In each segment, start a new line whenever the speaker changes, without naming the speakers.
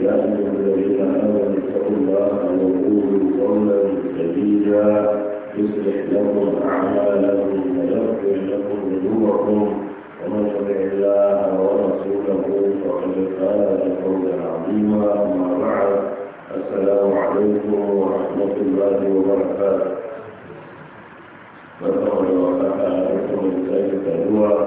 يا أيها الذين آمنوا اتقوا الله وقولوا قولا سديدا يصلح لكم أعمالكم ويغفر لكم ذنوبكم ومن يطع الله ورسوله فقد فاز فوزا عظيما أما بعد السلام عليكم ورحمة الله وبركاته. فقد وقع عليكم الكيف هو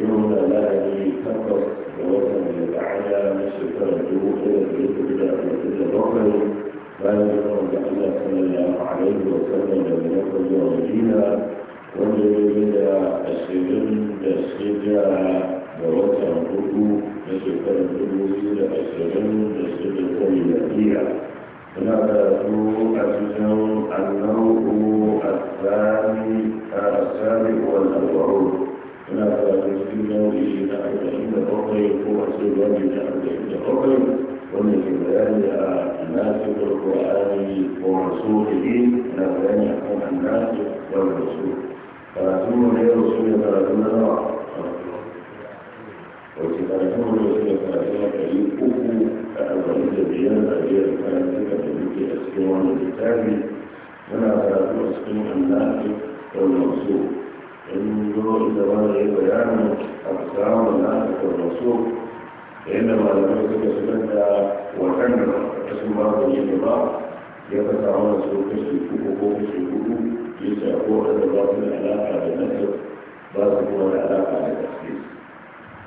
يوم لا يتفق وطن تعالى مشرقا الجوهر بإذن الله فإن الله صلى الله عليه وسلم بنفذ ومدينة ومن أسلم تسجى بوطن الحكو مشرقا الجوهر أسلم تسجى ومدينة نبذوا أجزهم النوع الثاني السابع والأربعون cikin nau'i na arba'in da bakwai ko a ce nau'i na arba'in da bakwai wanda ke bayani a nasibul qur'ani wa rasulihi na bayani a kan annabi wa rasul karatu ne da rasul da karatu na nawa wace karatu ne da rasul da karatu na ɗari uku da arba'in da biyar da biyar karatu da ɗari a cikin wannan littafi muna karatu a cikin annabi wa rasul in zo inda ba da yi bayanin alkamun na aka rasu yadda malamai suka shigar da waɗanda ta sun ba da yi ba ya ka samu da su kashi uku ko kashi hudu ya shafi waɗanda ba su da alaƙa da nasir ba su kuma da alaƙa da gaske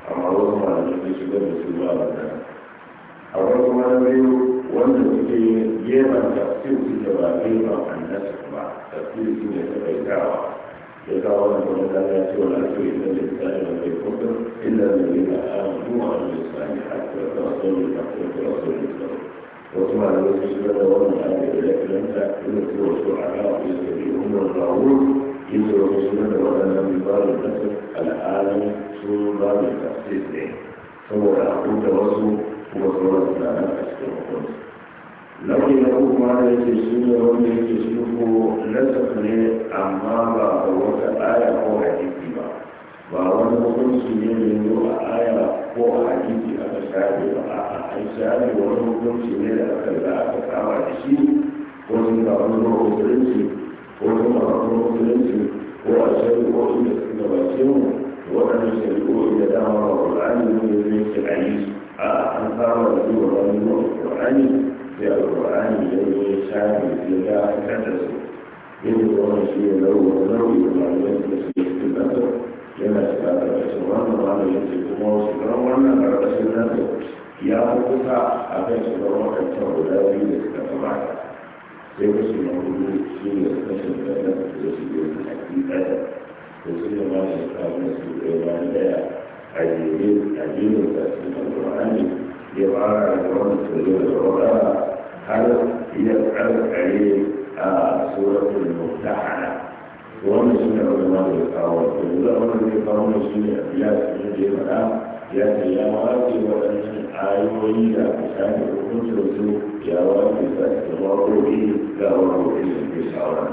amma wasu malamai sun a wasu wanda suke ba ba ya kawo wani wani kare ya ce wani ake yin da tsari da mai kofin inda da yi na awon kuma a mai tsari a kira da wasu ne a kira da wasu ne kawai wasu ma da wasu shi da wani ake da ya kiranta inda su wasu a kawo ya saboda a wasu kuma na a nauyi na uku ma da yake shi ne wanda yake shi ko nasaf ne amma ba da wata aya ko hadisi ba ba wani hukunci ne da zo a aya ko a hadisi aka shafe ba a shafe wani hukunci ne da aka za aka kama da shi ko sun ba wani musulunci ko sun ba wani musulunci ko a shari'o'in da suka gabace mu وأن يسلكوا إلى دار القرآن من يدرس العيش أنصار الذي وظلموا القرآن في القرآن الذي يشاهد في ذاك كتسو إن الله شيء له ولو إلى ما يجلس يكتب أثر لما سبب الأسوان وما يجلس موسيقى وما أرأس الناس يا أبوكا أبين سبروك التوبة لا يجلس كتبعك سيكون سنعود شيء يستشهد لك في سبيل الحكيم أدب وكل ما يقام مسجد إيمان لا عجيب عجيب تأثير القرآن يبقى القرآن تدور القرآن هل يفعل عليه سورة المفتحنة ومن سنة علماء القاوة فإذا أمر القاوة سنة أبيات من جمعنا يا سيامات وأن آيوي لا تسامي وكنت رسول يا وابي فأتبارو به لا وابي الانتصارات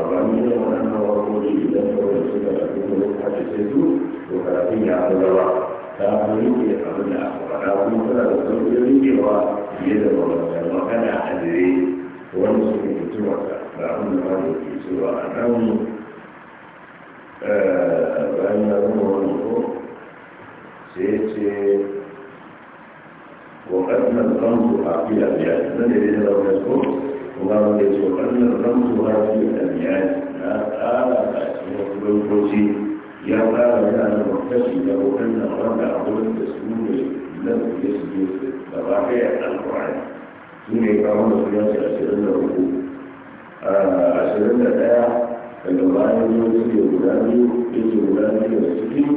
الرمية وأن رسولي إذا فرسل لكم روحة سيدو وثلاثين على الرواء فأقولوا لي أبنى أخوة أقول فلا تقول لي ويدا ورسل وكان أدري في سورة فأقول هذا في سورة أنهم فإن لهم ونسك سيتي وقد نظمت عقيدة بأسنان إلى يذكر wanda da ce wannan ramsu ha fi al-yadi na ala ta ce wa kuma ya fara da na mutasi da wannan wanda abun da su ne na ya su je da ba ka ya alkurani su ne ka wanda su ya a shirin da uku a shirin da daya daga bayan yau su ke guda biyu ya ce da su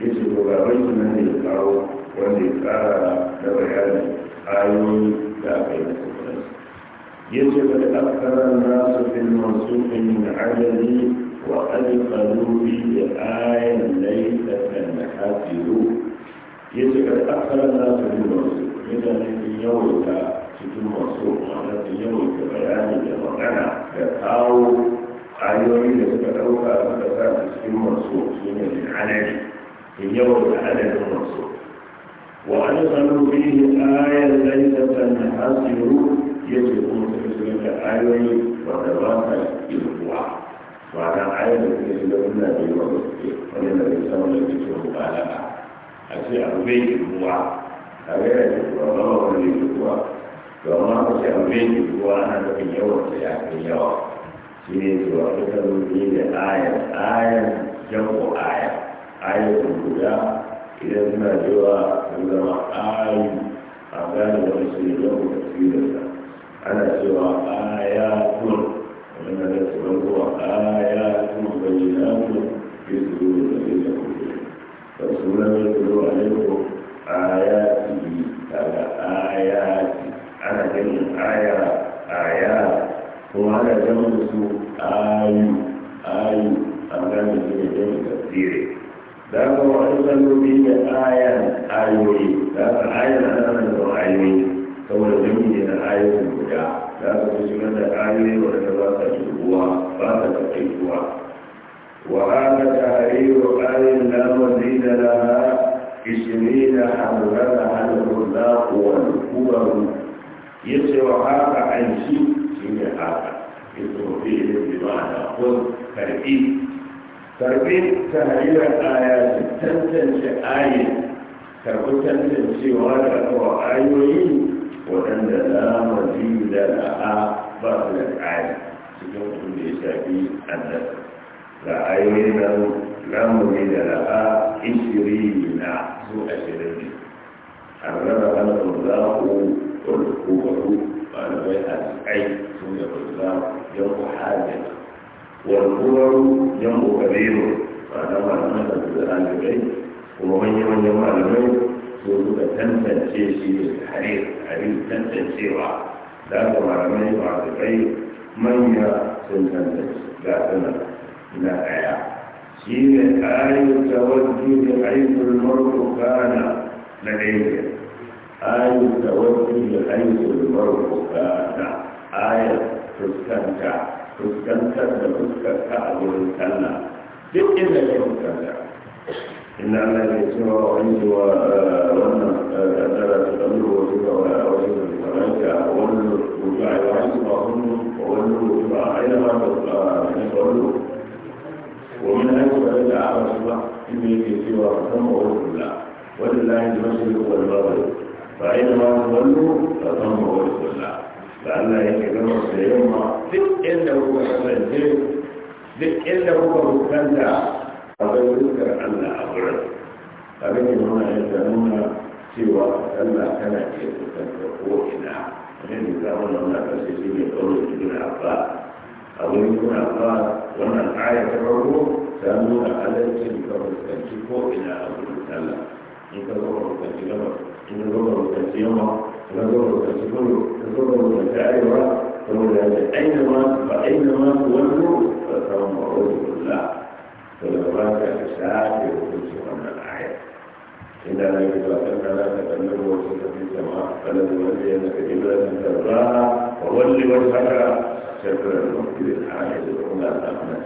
yace to ga wani nan ne ya kawo wanda ya tsara da bayani ayoyi da aka yi yace bada akara nasu fil mansuqi min adadi wa adqalu bi ayatin laysa tanhasiru yace bada akara nasu fil mansuqi yana nufin yawaita cikin masu ma'ana da yawaita bayani da magana da kawo ayoyi da suka ɗauka suka sa cikin masu shine min adadi إن يروا على وأدخلوا فيه آية ليس تنحصر يجبون في تلك آية وتواصل بالقوى وعلى آية التي لنا في وقته ومن الإنسان الذي تشوف على أشياء بيت القوى أغير القوى ولا بيت القوى وما أشياء بيت القوى أنا في يوم سيأتي يوم سيدي وأدخلوا فيه آية آية جمع آية آية الهدى إذا ما جوا عندما آي أبان ورسوله تفسيرها أنا سوى آيات وأنا نسوى آيات بينات في صدور الذين أوتوا رسولا يتلو عليكم آياته على آياتي أنا جمع آية آيات وأنا جمع آي آي أبان جمع تفسيري ذاك وأرسلوا بك آية آيوي ذاك آية أنا من آيوي saboda gani ne na ayoyin guda za ka fi shigar da ayoyi wadanda ba sa shigowa ba sa tafaituwa wa haka tahriru ayin la mazida laha ishirina hamdana hannun laku wal kubaru yace wa haka an shi shine haka ismu fi'lin bi ma'ana kun karbi karbi tahrirar aya su tantance ayin karbi tantancewa da kawo ayoyi waɗanda na mafi da la'a ba su da ƙari cikin kudin da ya shafi annan ga ayoyi nan lamuni da la'a ishiri na su ashirin ne an raba hannun zaku ƙulƙubaru ba da bai a tsakai sun da ba za ku hajjata والكبر جمع كبير معنى معنى القرآن الكريم ومن يمن يمع الموت سوف تنتج شيء الحريق حريق تنتج شيء لا تمع الموت بعد الكريم من يسنتج لا تمع لا حياة شيء آية التوجه حيث المرء كان لديه آية التوجه حيث المرء كان آية تستمتع fuskantar da fuskarka a wurin sallah duk inda ka fuskanta inna Allah ya ce wa wani wa wannan kaddara ta ɗaura wasu ga wasu da faranta wannan rubutu a yawan su ba hunnu wa wannan rubutu a ainihin da su a wani tsoro wa min an yi da a wasu ba inda yake cewa kusan ma wasu la wani la yin mashi wani ba wani fa ainihin wani wani kusan ma wasu la فألا يتجمع في اليوم إلا هو الجن ذك إلا هو مكتنزع فقد يذكر أن أبرد فمن هنا يزعمون سوى أن كان يتكلم إلى من يزعمون أن فسيسين يقولون ابن أو ابن عباس وأن الآية تبعوه سألون على الجن فمستنشقوا إلى أبو الله إن كان هو مستنشقوا إن كان نظر تكون تصور مشاعرها فهنا أينما فأينما تولوا فثم وجه الله فلولاك الساعة وجه من الآية إننا إذا أننا نتكلم وجهك في السماء فلنولينك قبلة ترضاها وول وجهك شكر المسجد الحامد الأولى الأمنة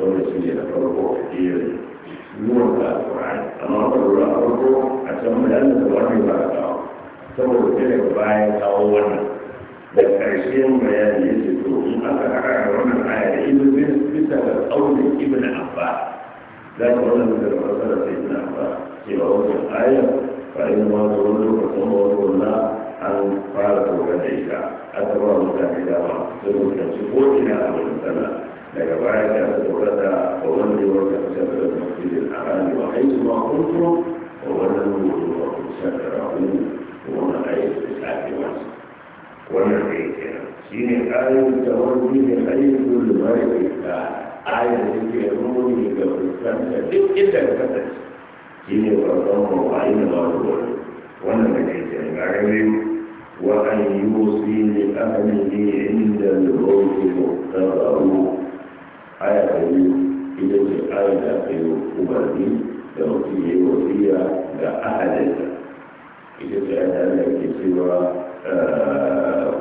ونسي فرقه كثير نور القرآن أمام الله فرقه أتمنى أن تبارك الله saboda kada baya kawo wannan da ƙarshen bayani ya ce to in aka haɗa wannan aya da ibn bisa ga ƙaunin ibn abba za ka wannan da fasara sai ibn abba cewa wannan aya fa in ma zo wani lokacin ba wani wala an fara tsoron da ita aka ba mutane dama sai mutum ci ko ina a wani sana daga baya ta tsoron da ba wani wanda ta tsoron da mutum da harami wa haitu ma kuntu wa wannan mutum ba ku shakara wani wannan ayyar da shafi wasu wannan da yake nan shi ne ayyar da wani ne ayyar da mara da ayyar da ke nuni ga fuskanta duk inda ka kasance shi ne babban mawayi na babu wani wannan da yake nan gare وأن يوصي لأهله عند الموت مقتدره آية قريب إذا آية قريب أبدي لو في وصية لأهلك إذا ذلك سوى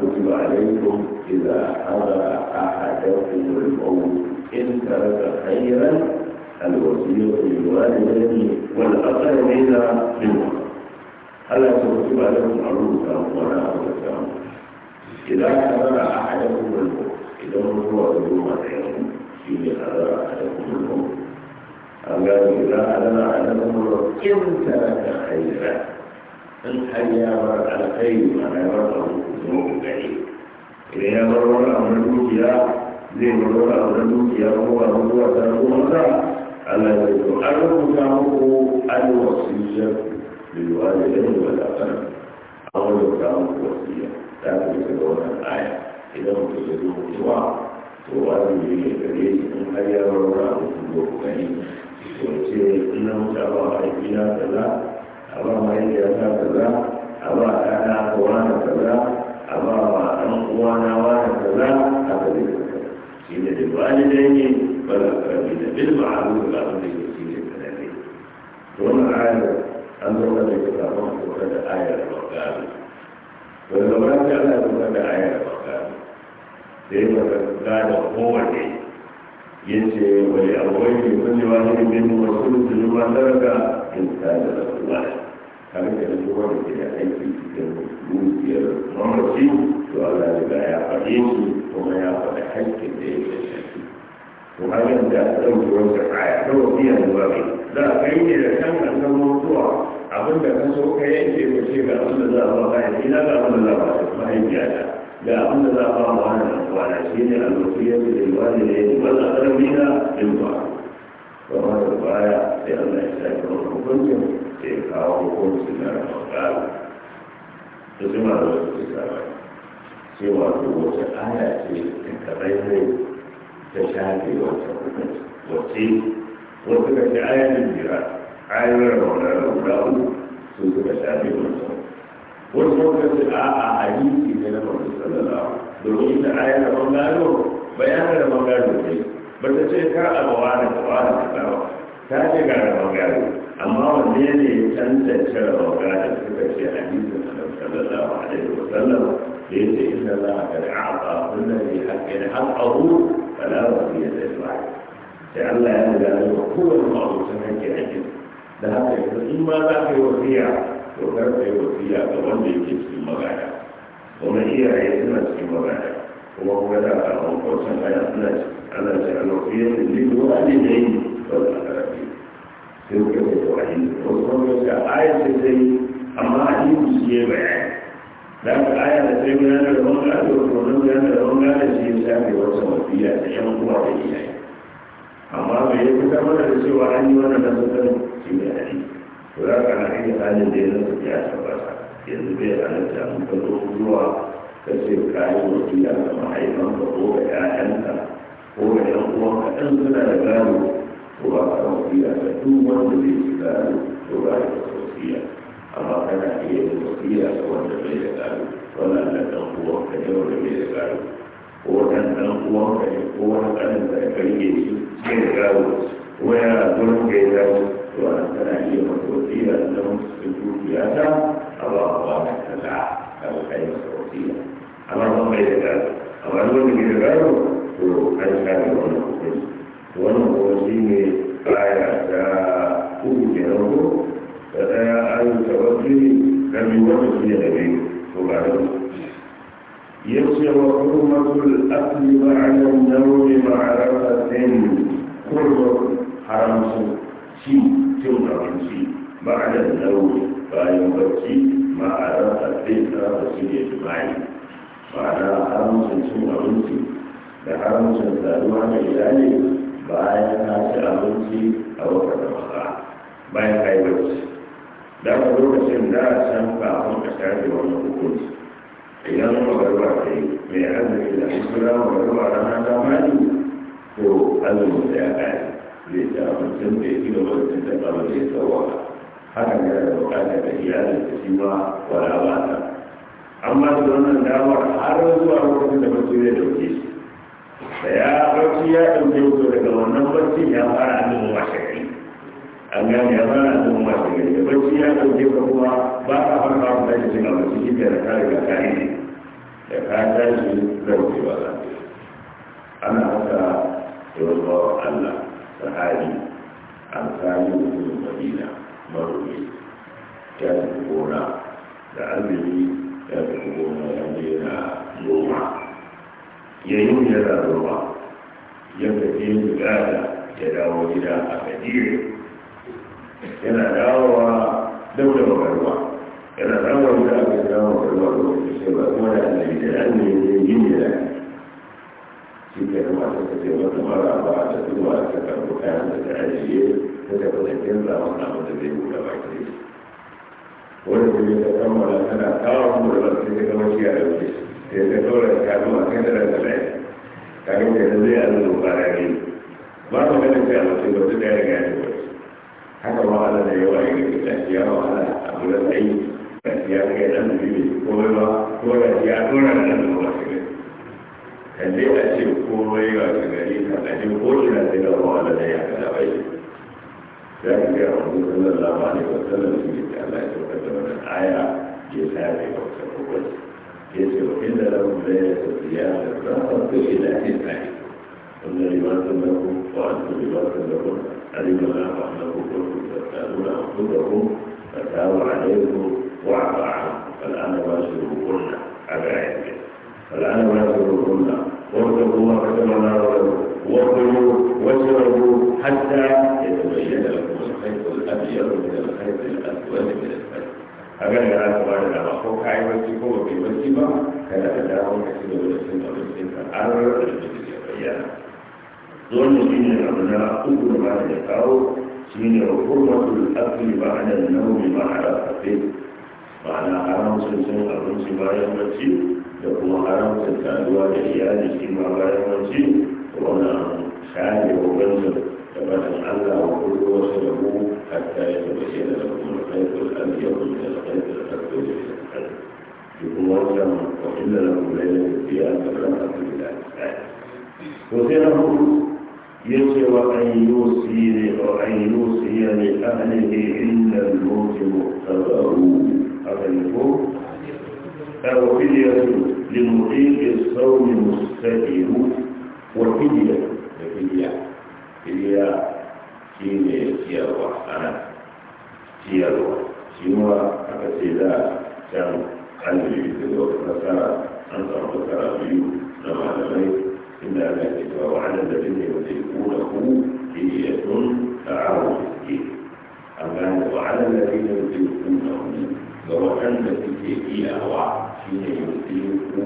كتب عليكم إذا حضر أحدكم الموت إن ترك خيرا الوصية والأقل والأقربين منهم ألا تكتب لهم عروسا ولا أولادهم إذا حضر أحدكم الموت إذا هو يوم القيامة فيه حضر أحدكم الموت أما إذا حضر أحدكم إن ترك خيرا in har ya bar alkhairi ba ya bar abu gari idan ya bar wani abu na dukiya zai bar wani abu na dukiya ko ba mu zuwa ta ko masa Allah ya zo an rubuta muku alwasiyya lil walidayni wal aqrab an rubuta muku wasiyya ta ku ga wannan aya idan mutum ya zo mutuwa to wajibi ne gare shi in har ya bar wani abu na dukiya ko gari to sai ina mutawa a gida kaza Allah ma yi da ta kaza, Allah ta ta kowa na kaza, a ma an kowa na wa na kaza, ta ta zai kaza. Shi ne da ba ni da yi ba na karfi da bin ba da abu da ke shi ne ta da ne. Wani ayar an zo na daga samun kuka da ayar ba gari. Wani zama ta ana kuka da ayar ba gari. Da yi ba ka gada kowane yace wani abuwa ne kunjewa ne bin wasu da zuwa daraka in ta da zuwa ne. kan da duk wanda ke da aiki da dukiyar mamaci to Allah ya ga ya faɗe shi kuma ya faɗa hankin da ya shafi to hanyar da aka ɗauki wancan aya ta wasiya da ba za a kai ne da kan an san mutuwa abin da ka so ka yanke ka ce ga abin da za a ba ka yanke na ga abin da za a ba ka mahaifiyata ga abin da za a ba wa wani shi ne alwasiyar da ya wani ne ba za a ɗaukina in ba kamar da baya sai Allah ya sake wani hukuncin da ya kawo hukuncin na rahotawa ta zuma da wasu su sama cewa ko wace aya ce ta karai ne ta shafe wata hukunci wace wasu ka aya ayatin jira ayoyin guda raunar su suka shafe wata wasu kuma ce a a hadisi ne na mafi sallallahu domin ita ayar da bangaro bayanar da bangaro ne ba ta ce kar a ba wani ta wani ta ba ta ce ga raba gari amma wanne ne ya canza tantance raba da suka ce hadisin sallallahu alaihi wa sallam da ya ce inna za a kare a ba kunna ne haƙƙin haƙƙahu fala wasiya da ba sai Allah ya riga da kowane ma'aikacin haƙƙin haƙƙin da haka yanzu in ma za ka yi wasiya to kar ka yi wasiya ga wanda yake cikin magana kuma iyaye suna cikin magana kuma kuma da wancan aya ana ce ana ce a lokacin da ne ko a ne ne ba da karatu sai kuma kai ko yi ko kuma ga aya ce sai amma a yi su ke bayani da ka aya da sai yana da wani gado ko nan yana da wani gado shi ya shafe wata mafiya da yan uwa da iyaye amma bai yi kusa mana da cewa an yi wannan nasu kan shi ne a yi ko za ka na iya halin da ya nasu ya tabbata yanzu bai halatta mun kallo zuwa ka ce ka yi wasiya ga mahaifanka ko ga 'ya'yanka ko ga 'yan uwanka ɗan suna da gado ko ba ka wasiya ga duk wanda zai ci gado ko ba ka wasiya amma kana iya yin wasiya ga wanda bai da gado wannan da ɗan uwanka ne wanda bai da gado ko ɗan ɗan uwanka ne ko wani ƙanin da ya karye shi bai da gado ko yana gurin da ya gado to ana kana iya masa wasiya don su dukiya ta a ba ka ba ka tala'a kawo kayi masa wasila amma kuma bai da gado amma duk wanda ke da gado to an sha da wannan hukunci wannan hukunci ne baya da uku kenan ko da ɗaya an tawakkali na biyu wannan shi ne da biyu to ba da yace wa hurmatul akli ma'ana nawmi ma'arafatin kurbu haramsu ci cin abinci ma'ana nawmi bayan barci ma'ana alfita da su ne a ma'ana haramcin cin abinci da haramcin saduwa da iyali bayan na ci abinci a wata da maka bayan ka yi da ku lokacin da a can ba a kan kasar da wani hukunci idan magarba ta yi mai arziki da kusurwa magarba rana ta mani ko azumin da ya kare zai ci abincin da ya fi da wani tattalin da ya tsawo haka ne da bukata da iyalin da shi ma wala ba ta amma da wannan damar har zuwa lokacin da bacci zai dauke shi da ya bacci ya dauke ku daga wannan bacci ya fara annin washe gari an gane ya fara annin washe gari da bacci ya dauke ka kuma ba ka farka ku tashi cin abinci shi da ka riga ka ne da ka tashi zauke ba za ana haka yau Allah sahabi an sami mutum Madina marwai ya tafi gona da azumi ya tafi gona ya je noma ya yi yana noma ya tafi yin gada ya dawo gida a gajiyar yana dawowa dau da magarwa yana dawowa gida a gajiyar magarwa lokacin sai ba kuma da annabi da yi ne yin yana shi ke nan masu kace wata mara ba a tafi ma ta karɓi kayan da ta ajiye sai da kuma a wani abu zai buɗe baki wani kuma ta kammala tana kawo mu da sai ta kama shi a ɗauke sai ta kawo da kafin a kai da ranta layi kafin ta zai a zuwa bara ne ba ta gani sai a mutum ba su da ya riga ya haka ma ana da yawa ya ga ta shi yawa ana abu tsayi ta shi ya kai ɗan bibi ko ba ko da ya tura da ɗan ba su gani kalle a ce komai ba su gani ka ɗaje ko ina sai ga ma ana da ya ka da bai رسول الله صلى الله عليه وسلم في الله يتوكل من الآية يسابق وسبوك يسير إلا لهم لا يستطيعون الرفض إلى إسلام قلنا لباس لكم وأنتم لباس لكم علم الله أنه كنتم تسألون أنفسكم فتاب عليكم وعفى عنكم فالآن باشروهن على عينكم فالآن باشروهن واتقوا الله كما ناروا وكلوا واشربوا حتى يتبين لكم الخيط الابيض من الخيط الاسود من الفجر أجل يا رب أنا أخوك عايز أمسكه وفي مسكبة كان أداهم كثير من السنة والسنة أرى المجلس ظن إن الأبناء كل ما يقعوا شين حرمة الأكل بعد النوم مع رأسته معنى حرام سنسن أبنسي ما يمسيه da kuma haramcin saduwa da iyali shi ma bayan wanci wani kare wabansa da bayan allah wa kuma wasu da mu hatta ya taɓa shi da kuma haifar aliyahun da haifar haifar da haifar kuma wancan wakil da na kuma yana tafiya da ran haifar da haifar وفي يسوى أن يوصي أو أن يوصي لأهله إلا الموت مقتضى أو الفوق أو فدية الصوم مستدير وفدية فدية فدية شيء سيارة أنا سيارة سيوا أكسيدا كان قلبي في الوقت نصرى أنصر نصرى بيو نمع لمي إن أنا على الذين يملكونه فدية تعاون فيه أما وعلى الذين يملكونه ga waɗanda suke iyawa shi ne yusi ku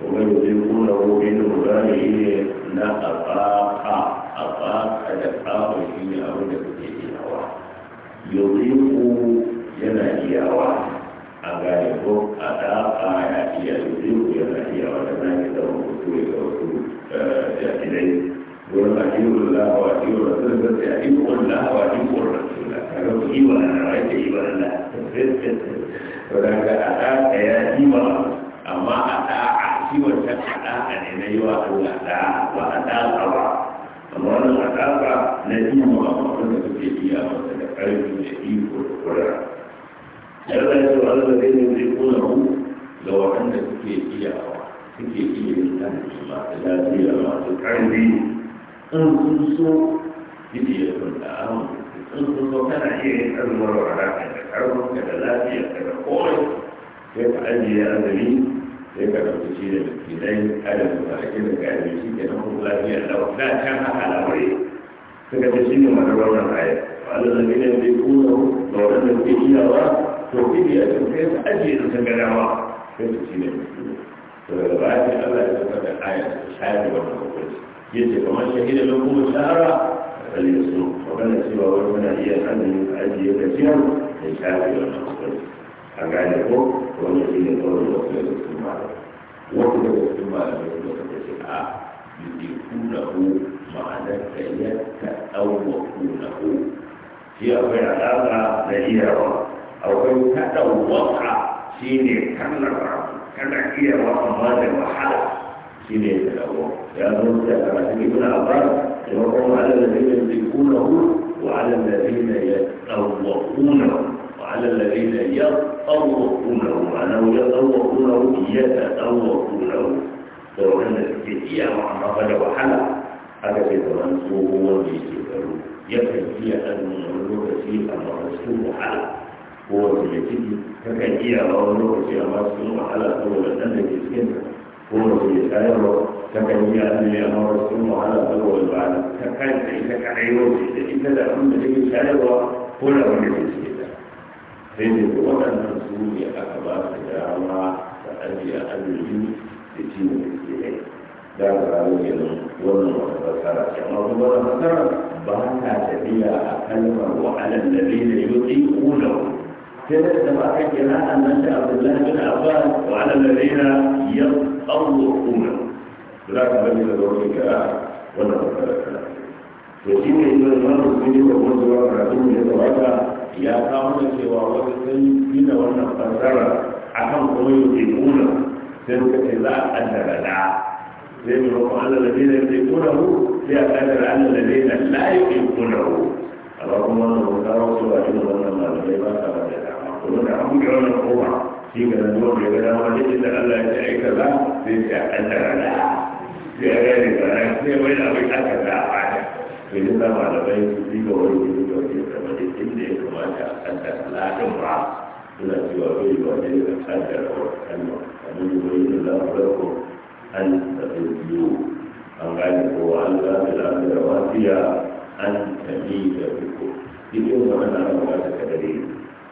kuma yusi ƙunahu ne murari ne na abaƙa abaƙa da ƙawon shi ne abin da suke iyawa yusi yana iyawa a gane ko a ɗaƙa ya iya ku yana iyawa da zaki zama mutu ya ga wasu eh, jahilai wurin ajiyar lawa ajiyar rasul da ta yi ƙulla wa ajiyar rasul da ta ga na rai da ƙiwa na wadanda a ɗa'a ya yi ba amma a ɗa'a shi wancan a ɗa'a ne na yi wa Allah ɗa'a ba a ɗa'a ba amma wannan a ɗa'a na yi ma wanda suke iya masa da ƙarfi da iko da kura yadda ya ce wa Allah zai ne zai kuna hu ga waɗanda suke iya suke iya yin tanki masu lafiya masu ƙarfi in sun so yadda ya kwanta a in sun so kana iya yin ƙarfi wa alaƙa karfinka da lafiya daga komai sai ka ajiye azumi sai ka ɗauki shi da miskinai adadin kwanakin da ka ajiye shi ke nan kuma lafiya da da can haka lamari suka ce shi ne masu raunar ayar wanda zabi ne zai tura da waɗanda iya ba, to kiri a cikin sai ka ajiye da sun gadawa sai su shi ne miskinai da ba baya sai Allah ya saka da ayar ta shafi wannan hukunci yace kamar shahidan lokacin shahara falisu magana cewa wani muna iya sanin ajiye da ciyar da shafi da kuskure a gane ko wani shi ne kawai da wasu daga cikin malamai wasu daga cikin malamai kuma suka ce a yudifunahu ma'anar da ya ta'awwakunahu shi akwai alaƙa da iyawa akwai ta'awwaka shi ne kallafa kana iyawa amma da wahala شيء يتلوه لأنه كما تجيبنا أبعاد على الذين يملكونه وعلى الذين يتطوقونه وعلى الذين يتطوقونه معناه يتطوقونه يتطوقونه سواء أن الكثير مع مقال وحلا هذا في المنصوب والمسيطر يكن هي أن الملوكسي رسول حلا هو في الكثير فكان هي أن الملوكسي رسول حلا هو الذي يسكنه kuma ke shayarwa ta kan yi azumi a mawarsun wahala saboda ba ta kanta ita kaɗai wace da ita da abin da take shayarwa ko da wani da ke da sai ne ko waɗannan su ne aka ba su dama ta ajiye azumi da ci da ke da da ga rayu ne wannan wata fasara ce amma kuma wata fasara ba ta tafiya a kalmar wa'alan da zai da yau ɗin ƙunawa سيرت ما حكينا عن نشأ عبد الله بن عباس وعلى الذين يتطوعون ذاك بني لدورك ولا تترك وشين يقول المرء سيدي وقلت وقرأتون يتوقع يا قامنا سوى وقتين بنا ونفسر عشان قوي يقيمون سيرك لا أدر لا زي ما يقول على الذين يقيمونه سيأتدر على الذين لا يقيمونه اللهم انه ترى سوى عند الله ما لم saboda an ga wannan kowa shi ga nan zuwa mai gada wani inda Allah ya ce aika za sai ce a kaddara da sai a gane da ran sai wai da bai aka da a fata to yi za ma da bai su yi ga wani yi ga wani da wani inda ya kamata a kaddara ladin ba suna cewa bai ba ne da kaddara wa kalma kamar yi wani da za mu rako an tafi biyu an gane kowa an zafi lafiyar wasiya an tafi da duk duk yin wannan ana bukatar kadare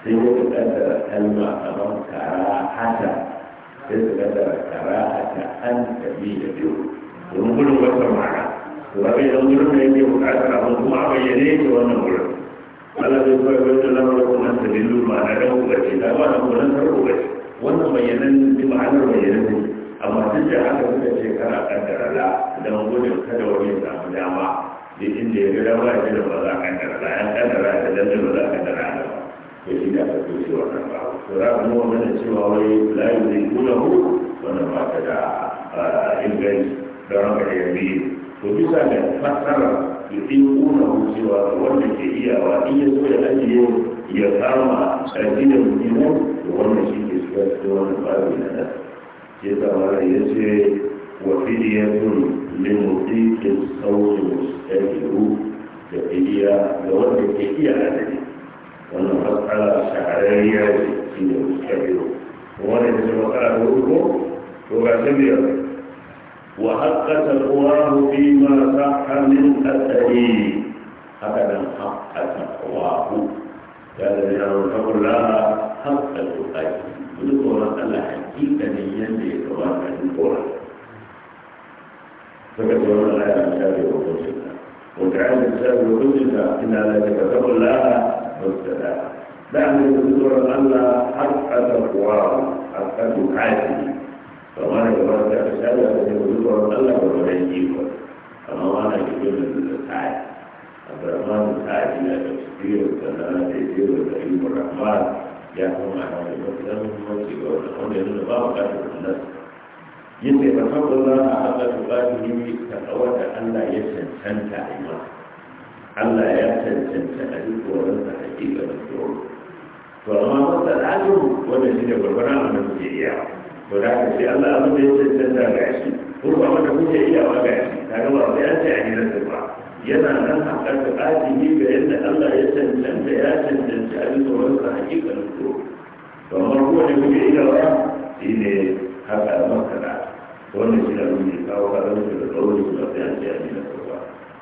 sai ya fi kaddara kalma kamar karahata sai su kaddara karahata an tabi da biyu domin gudun wata mara to haka idan gudun da yake bukatar abin kuma a bayyane ke wannan wurin Allah zai kawai wata lamarin kuma ta dillu ma'ana dan ubaci da ba na kuma nan ubaci wannan bayyanan ne ma'anar bayyanan ne amma duk da haka suka ce kana kaddara la don gudun kada wani ya samu dama duk inda ya ga dama ya ce da ba za a kaddara la ya kaddara ta dalilin ba za a kaddara ba ya shi da aka ce wannan ba to za ka nuna mana cewa wai layu zai kula hu wannan ba ta da inganci don haka da yabi to bisa da fassara ya fi kuna hu cewa wanda ke wa in ya so ya ajiye ya kama ajiyar mutum to wannan shi ke shiga cikin wani babu na nan ya sa ya ce da لمطيق الصوت مستجر وفدية لوجه هي عدد ونحط على شعرية في مستقبله وانا اذا وقال بروحه ربع سمير وحقت القران فيما صح من اثره هكذا حقت القران قال يا رب لا حق القران ذكر على حقيقة من القران فكتبنا على الكتاب وتعالى وكعلم الكتاب وكتبنا ان لا تكتب لها والسلام لأن الدكتور أن حق الأقوام حق العادي فما يقول لك الشهادة أن الدكتور أن ولا يجيبه أما أنا يقول للسعي عبد الرحمن السعي لا تفسير ولا تفسير ولا علم الرحمن يحكم على المسلم ويقول لهم يقول لهم الناس يجب أن تقول الله حق تقاته تقوى أن لا يسن سنة عمره Allah ya cancanta a duk wurin da ake gaba tsoro to amma wata ɗazu wanda shi ne gwargwaron a Najeriya, kuke iya to da aka ce Allah abin da ya cancanta ga shi kuma abin da kuke iya ba ga shi ta gaba ba ya ce a gidan da ba yana nan a ƙarfi ɗaji ga yadda Allah ya cancanta ya cancanta a duk wurin da ake gaba tsoro to amma kowane kuke iya ba shi ne haka maka da wannan shi ne abin da ya kawo ƙarfi da tsoro da kuma sai ce a gidan da ba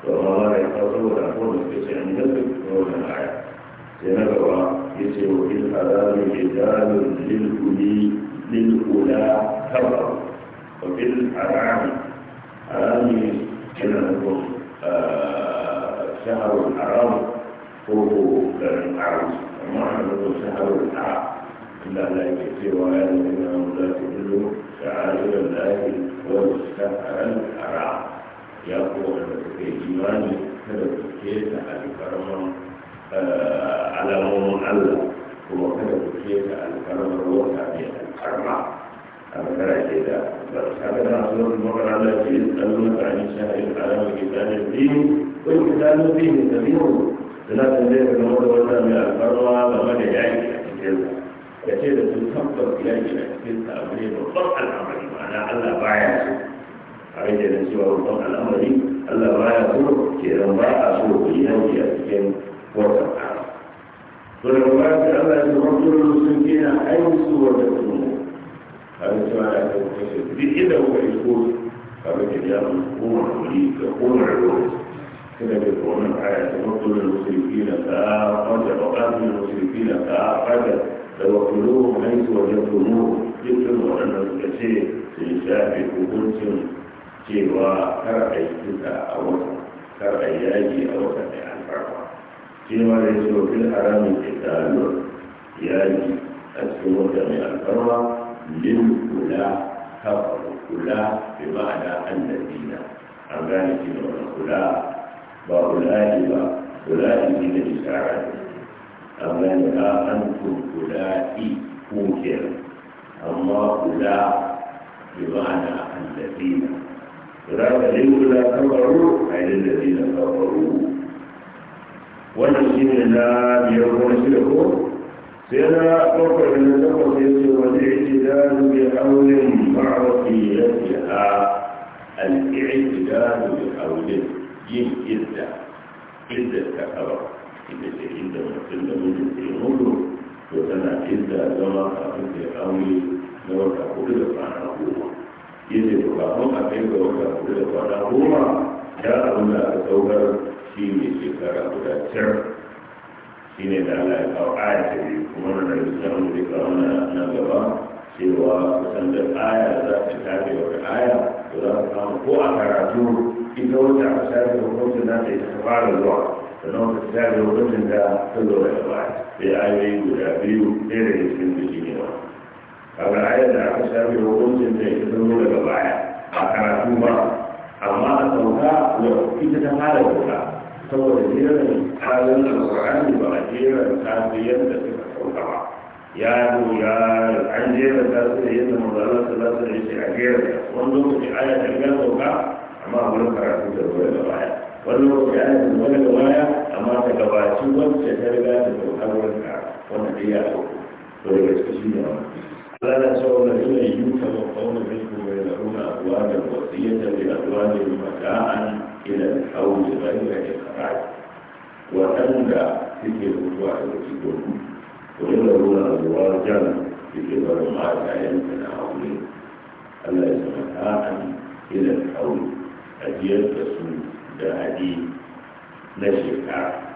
وما لا يخاطب في شيء من ذلك يوم في الحلال قتال للأولي للأولى كفر وفي الحرام حرام كنا نقول شهر الحرام هو الحرام وما نقول شهر الحرام إلا لا يكفي ولا يكفي ولا تدل شعائر الله والشهر الحرام ya kowa da suke imani kada ku keta alfarman alamomin allah kuma kada ku keta alfarman wata mai alfarma a magana ke da ba su kada na su wani magana da ke yi tsaro na karami shahararri alamar gidanin biyu ko gidanin biyu ne da biyu suna tambaye da kuma da wata mai alfarma game da yaƙi a cikinsa ya ce da su tabbas yaƙi a cikinsa abu ne babban al'amari ma'ana allah baya so a yadda na cewa rukun al'amari Allah ba ya so ke nan ba a so ku yi nauyi a cikin wata ƙara. Sura ba ta Allah ya zama turu sun gina aiki wata tunu. Kaga cewa ya kai kuka ce duk inda kuka yi ko kaga ke ya mu kuma kuri ga kuma lokaci. Kada ke wannan aya ta mutuwar musulmina ta wata buƙatun musulmina ta fada da wakilun aiki wata tunu. Dukkan waɗannan suka ce sun shafe hukuncin cewa kar a yi duka a wata kar a yaji a wata mai alfarma cewa da ya zo fil haramin italiyar yaji a cikin wata mai alfarma lil kula kafa, kula bi ma'ana dina. an gane shi da wani kula ba kula kula'i ba kula'i ne da isara ne an gane ka an tun kula'i kunkiyar amma kula bi ma'ana dina. ذاك لولا كفروا أي للذين كفروا والذين لا يرون سلكوا سيدا قرر من التقوى والاعتدال بحول مع الاعتدال بحول جيم إذا إذا كفر إذا إذا وكل من يقول وتنا إذا زما في أو لو كفر سبحانه وتعالى yace ba kun a kai ga wata kudu da kwana goma ya abin da aka saukar shi ne shekara guda cir shi ne da Allah ya kawo aya ta biyu kuma na da samun da kawo na nan gaba cewa kusan da aya za ta tafi wata aya to za ta samu ko a karatu ita wata a shafi hukuncin za ta yi ta fara zuwa sannan wata shafi hukuncin da ta zo daga baya sai ayoyi guda biyu ɗaya da cikin da shi ne wani kaga ayar da aka shafe hukuncin da ya zama daga baya a karatu ba amma a sauka da ita ta fara sauka saboda jerin halin alƙur'ani ba a jerin tafiyar da suka sauka ba ya zo ya an jera ta su da yadda mazalar su za su da yake a jera wani lokaci aya ta ya sauka amma a wurin karatu da zuwa daga baya wani lokaci aya ta zuwa daga baya amma ta gabaci wacce ta riga da sauka wurin ka wanda ta yi a sauka to daga cikin shi ne wani فلا يسعون إلا يتوفون منكم ويدعون أبوابا وصية لأبواب متاعا إلى الحول غير إخراج وأنجى تلك الوجوه يكتبون ويدعون أزواجا بكبر ما لا يمكن حوله ألا متاعا إلى الحول أجيال رسول ده هدي نشكا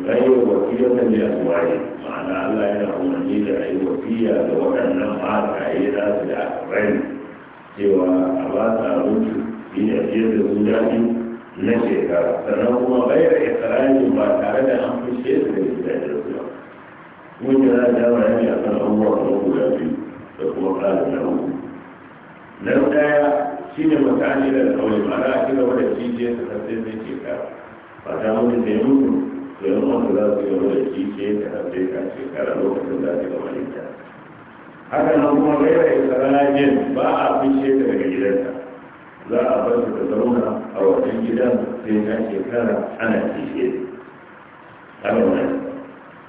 gai wasiyatan da azwaji ma'ana Allah yana umarni da ayi wasiya ga waɗannan mataye za su da rai cewa a ba su abinci ina fiye da su daɗi na shekara sannan kuma bayar ikirarin ba tare da an fushe su da gidajen su ba mun yi rana dama ne a kan abubuwa kuma da biyu da kuma ƙarin na uku na ɗaya shi ne mutane da kawai ma'ana a cigaba da cijiyar su ta sai shekara ba ta mutu da ya mutu domin wanda za su yi wani jike da haɗe ka shekara lokacin da ake gama ita haka nan kuma gaira ya sarajin ba a fice ta daga gidansa za a bar su ta zauna a wajen gidan sai ta shekara ana jike haka nan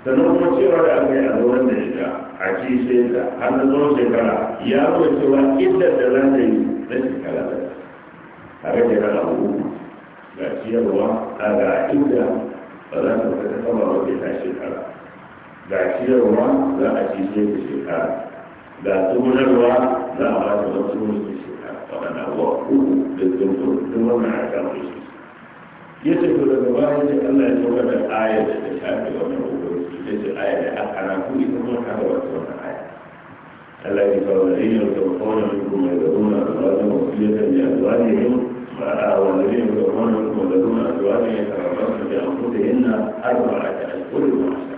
sannan kuma cewa da aka yi a zuwan da shiga a jike ta har na zuwan shekara ya nuna cewa idan da za ta yi na shekara da a rage rana uku ga ciyarwa a ga inda فلا تتطلب بها شكرا لا كيروا لا أتيجي بشكرا لا تولوا لا أراد رسول بشكرا فأنا وقفوا للدكتور ثم مع كامل يتكلم الرواية أن يتوقف الآية الشافعية ومن أقول ليس آية أحنا كل ثم حاجة وتوقف الآية التي فوالذين يتوفون منكم ويذرون أزواجا وصية لأزواجهم والذين يدعون يولدون أزواجا يتربصن بأنفسهن أربعة أشهر وعشرة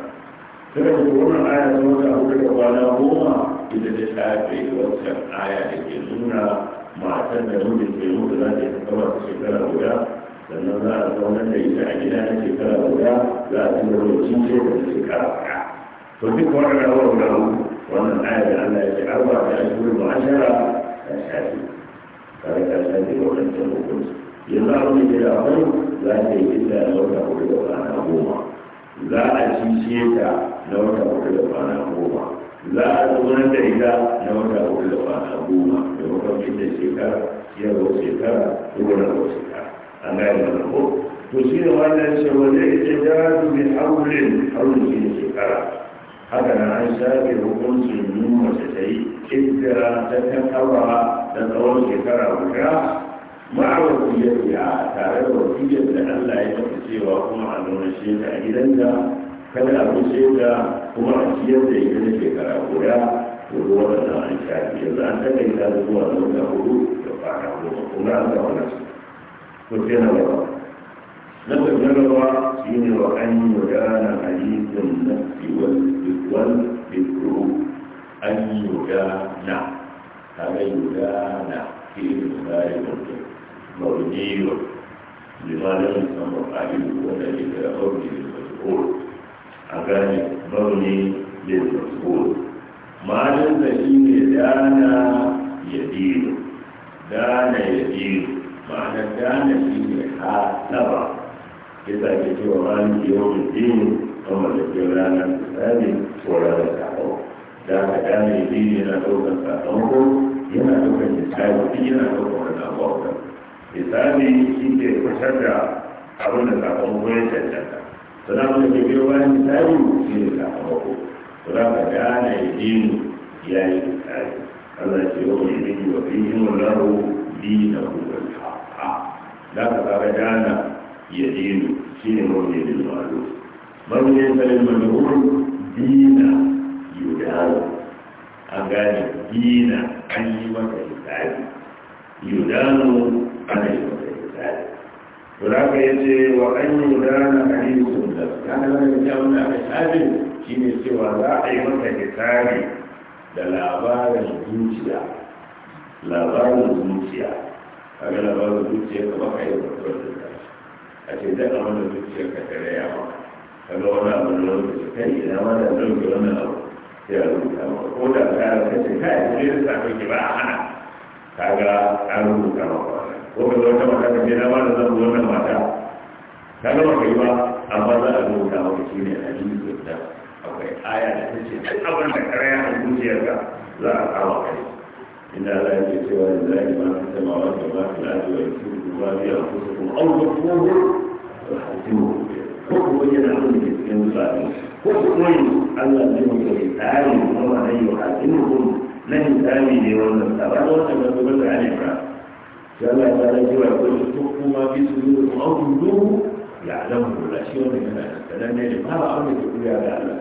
فإن يقولون آية سورة أولئك ولهما إذا تشافي وتشاف آية الجنة ما تنزل بالجنود لا تتكبر شكرا ولا sannan za a zaunar da ita a gida na shekara guda za a tura rocin ce da shekara guda to duk wannan rawar da wannan ayar da Allah ya ce arba da ashuru ma'ashara ta shafi kare karshen da ga wancan hukunci yanzu abin da ke da abin za ta yi illa na wata hudu da kwana goma za a cishe ta na wata hudu da kwana goma za a zaunar da ita na wata hudu da kwana goma da makamcin da shekara yarwa shekara ko shekara an gane mana ko to shi ne wannan ce wanda ya ce jaru bi haulin haulin shi ne shekara haka na an shafe hukuncin yin mace ta yi kirkira ta kan aura da tsawon shekara guda ma'awar kuyarwa tare da wakilin da allah ya tafi cewa kuma a shi ta a gidanta kada a wuce ta kuma a ciyar da ya na shekara guda to ruwa da na an shafe yanzu an ta zuwa nuna hudu da fara goma kuma an zama nasu. Mutum نفس الجنرى سين وأن يدان حديث النفس والذكر أن يدان هذا يدان في المبارك مرجي لما لم يسمى قائل وذلك أرضي للمسؤول أغاني مرني للمسؤول ما لم تشين دان يدين دان يدين معنى دانا شيء حاسبه yasa ake cewa maliki yau da dini don mallakiyar ranar misali ko ranar sakon da aka gane dini yana ɗaukar sakamako yana ɗaukar misali duk yana ɗaukar wani abuwa misali shi ke kusa da abin da sakamako ya cancanta sannan wanda ke biyo bayan misali shi ne sakamako ko da ka gane dini ya yi misali Allah ce yau da dini wa fihin wallahu dinahu wal haqa da ka fara gane yadinu shi ne wani yadin baro ban yin tsarin manuhun dina yudaro a gani dina an yi mata hitari yudaro an yi mata ya ce wa an yi rana yi sundar, ta hannun ya wani a shi shine cewa za a yi mata hitari da labarin zuciya, labarin zuciya, kaga labarin zuciya ka baka yi mutuwar da a ce da a wanda zuciyar ka tare ya ba kaga wani abu da lokaci kai ina ma da ɗauke wani abu sai a rubuta ma. ko da ka kace kai ku ne da sa kake ba a hana kaga an rubuta ba ko ka zo ta mata kace na ma da zan zo wannan mata kaga ba kai ba amma za a rubuta a shine hadisi da akwai aya da ta ce duk abin da kare ya zuciyar ka za a kawo kai إن لا يجب سوى لله ما في السماوات وما في الأرض ويكتب ما في أنفسكم أو تكفوه ويحاسبوه حكم يدعون يسكن بعدهم حكم أن يكون يتعالوا وما لن يحاسبهم لن يتعالوا ولا يتعالوا ولا يتعالوا عليها كما تعالى يقول تكفوا ما في صدوركم أو تبدوه يعلمه لا شيء من هذا الكلام يجب هذا أمر يقول هذا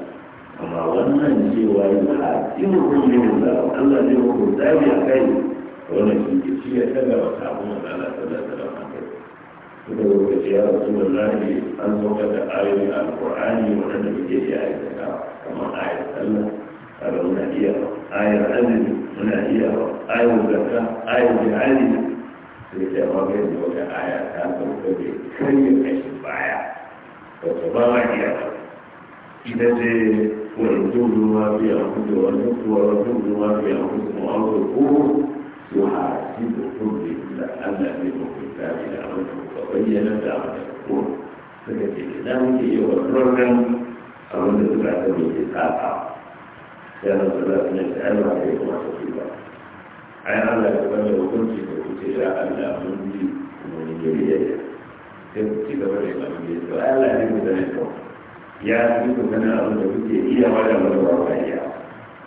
amma wannan cewa yi ba in hukun yi wanda Allah zai hukun tsari a kai wannan shi ke shi ya taga ba sabon wanda Allah ta da ta da kai suka zo ka ce ya rasu da zafi an saukar da ayoyin alkur'ani waɗanda muke iya aikata kamar ayar sallah kaga muna iya ayar azumi muna iya ayar zakka ayar jihadi sai ta ma ga da wata aya ta sauka da karya kashin baya wacce ba ma iya idan ita واعتبروا ما في أنفسكم ورسولوا ما في أنفسكم وأنفسكم يحاسبكم لأن بكم كتاب أنفسكم وبين تعملكم فكتب ذلك يوفرنا أولا تعتبر إسحاقا كان صلاة نسأل عليكم حسيبا أي على كبير وكنت كنت أن أمني من جريئة كنت كبير أمني وألا لكم ذلك ya fi ku sana abin da kuke iya wada wani wawaiya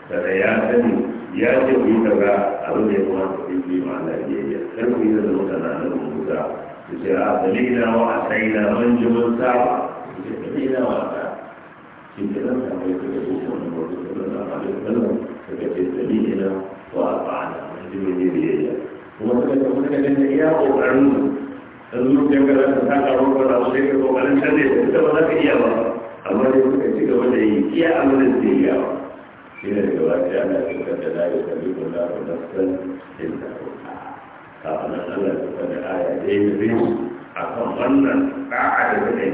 daga ya sani ya ce ku yi kaza abin da ya kuma ku yi biyu ma lafiya kar ku yi da zama kana sana na rubuta ku ce a dalila wa a tsaina man ji mun saba ku ce dalila wa ta shi ke nan ta mai kuka yi wani mutum da zama a lokacin da ka ce dalila wa a ba'ana man ji mun yi biyayya kuma suka ce kuka ganin da iya ƙoƙarin mu da zuwa ganin da ta ƙaro ko da wasu ya ƙoƙarin canza ya ta ba za ka iya ba amma dai muka ci gaba da yi iya amurin da ya shi ne daga wata ana tukar da layu da biyu da ku da san yin da ku kafin nan ana tukar da aya ɗaya da biyu a kan wannan ɗa'a da kuɗi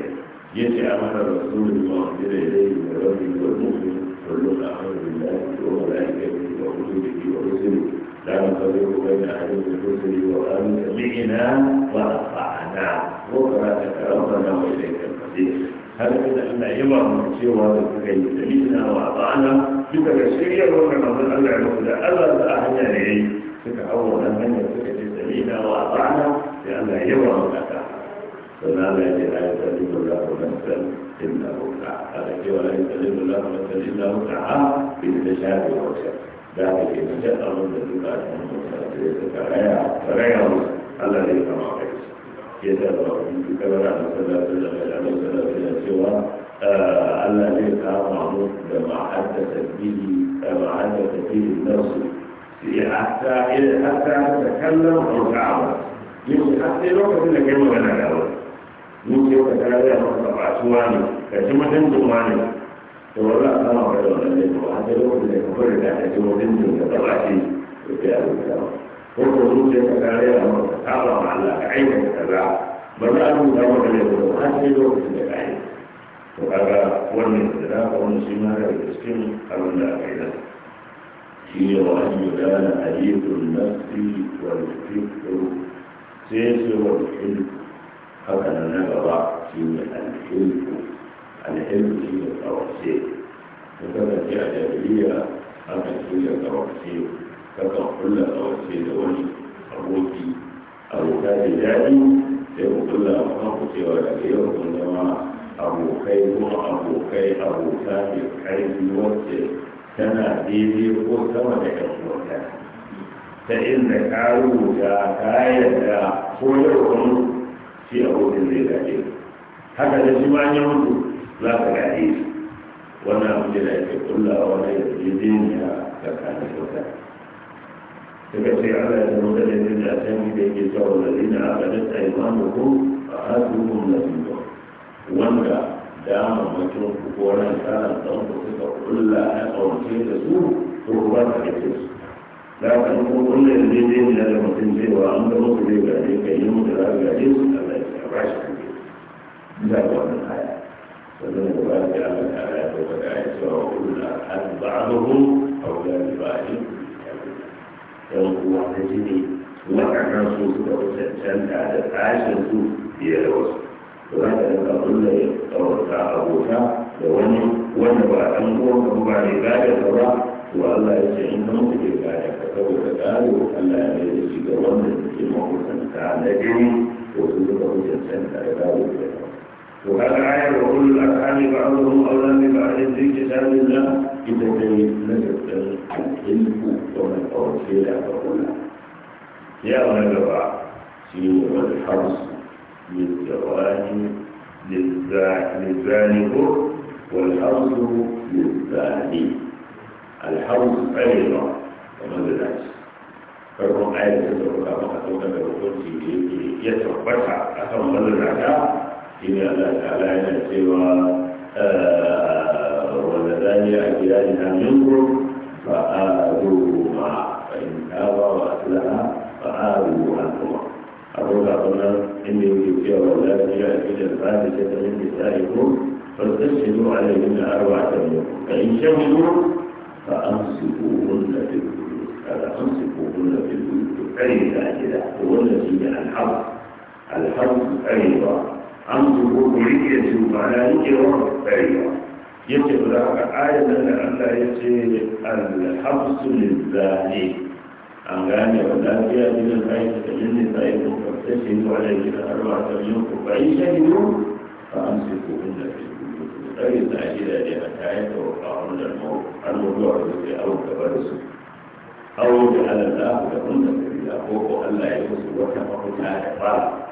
ya ce a mana rasulun ma wani da ya yi da rabbi da mutu kullum a hannun da ya yi da wani da ya yi da wani da ya yi da لا نفرق بين أهل الرسل وأهل سمعنا وأطعنا غفرانك ربنا وإليك المصير هذا إذا أن يمر من سوى الكريم واعطانا وأطعنا الشيء الشريع ان الله يقول ألا تأهل إليه تتعود أن من يتكت واعطانا لأن يمر من أتاها فما لا يتعلم الله نفسا إلا وسعها هذا كي ولا يتعلم الله نفسا إلا في بالتشابه والشك ذلك إذا جاء من ذلك أن يتكت سمعنا وأطعنا الذي كما قلت ya sa ba wani duka bara a masalatu da mai ranar salatu da cewa Allah zai kama mu da ma'adda tafiyi da ma'adda tafiyi nasu hatta ila hatta ta kallon alƙa'awa yin hatta lokacin da kai magana da wani yin ce ka tare da masa basuwa ne ka ji mutuncin wani da wani a sama kai da wani ne ba hatta lokacin da ka fara da ka ji mutuncin ka da ba shi to ya rubuta وقالوا لك تعالى على عينك تبع بدأ من أمرك عينك وقال ومن الثلاث ومن سمارة الاسكن أو لا عينك هي وأن يدان حديث النفس والفكر سيس والحلم هكذا في الحلم الحلم في التوسيل وكذا جاء جاهلية أكثر التوسيل kakan kulla a wace da wani aboki a wuta da daɗi sai ku kulla a kanku cewa daga yau kun zama abokai ko abokai abota mai ƙarfi wacce tana daidai ko sama da ƴan wata. ta inda ka rubuta ka yarda ko yau kun shi abokin zai gaje haka da shi ma ya mutu za ka gaje shi wannan abin da ake kullawa na yarjejeniya tsakanin mutane فكفي على المدد من أسامي بيك سوى الذين عقدت أيمانهم فآتوهم نسيبهم وانجا دام مجرد كورا كان الضوء تسكى إلا أقوى شيء تسوه قربان كتس لا تنقوا كل الذين لا يمكن سوى وعند تموت بيك عليك يموت لا يجلس ألا يتعباش عليك لا تقوى الحياة فمن وقد بعضهم أولاد yan uwa ta jini waɗannan su suka cancanta da tashin su fiye da wasu za ka daga abin da ya tsawata abota da wani wanda ba ɗan uwan ka ba ne gada ka ba to Allah ya ce in nan ku ke gada ka saboda gado Allah ya mai da shi ga wanda ke makusanta na jini to su suka cancanta da gado da yawa وهذا الآية وكل الأفعال بعضهم أولى ببعض في كتاب الله إذا كان نزل العلم ومن أوصي فقل يا ولد سين والحرص من زواج للزاني والحرص للزاني الحرص أيضا ومن الناس فرقم آية تدعو كما تدعو كما تدعو يتربص أثم من العداء إن الله تعالى سوى آه، ولدان أجلالها منكم فآذوهما فإن آوى وأسلها فآذوا عنهما أقول أقول إني وجدت ولاد جاء إلى الفاحشة من نسائكم فاستشهدوا عليهن أربعة منكم فإن شهدوا فأمسكوهن في البيوت هذا أمسكوهن في البيوت أي ذاكرة هو الذي الحرب الحرب أيضا an zuwa ku rike su ba na rike wa ɗariya ya ce ba za ka ayar da Allah ya ce alhamsu lillahi an gane wa lafiya gidan aiki da yin nisa yi ko kafin shi zuwa da gida har ba ta yin ku ba yi shayi ko ba an ce ko in da ke ɗari da a gida ne a kayan da wa ƙawon da mawa an zuwa da ke awon gaba da su awon da Allah da wanda ka biya ko ko Allah ya musu wata mafuta da fara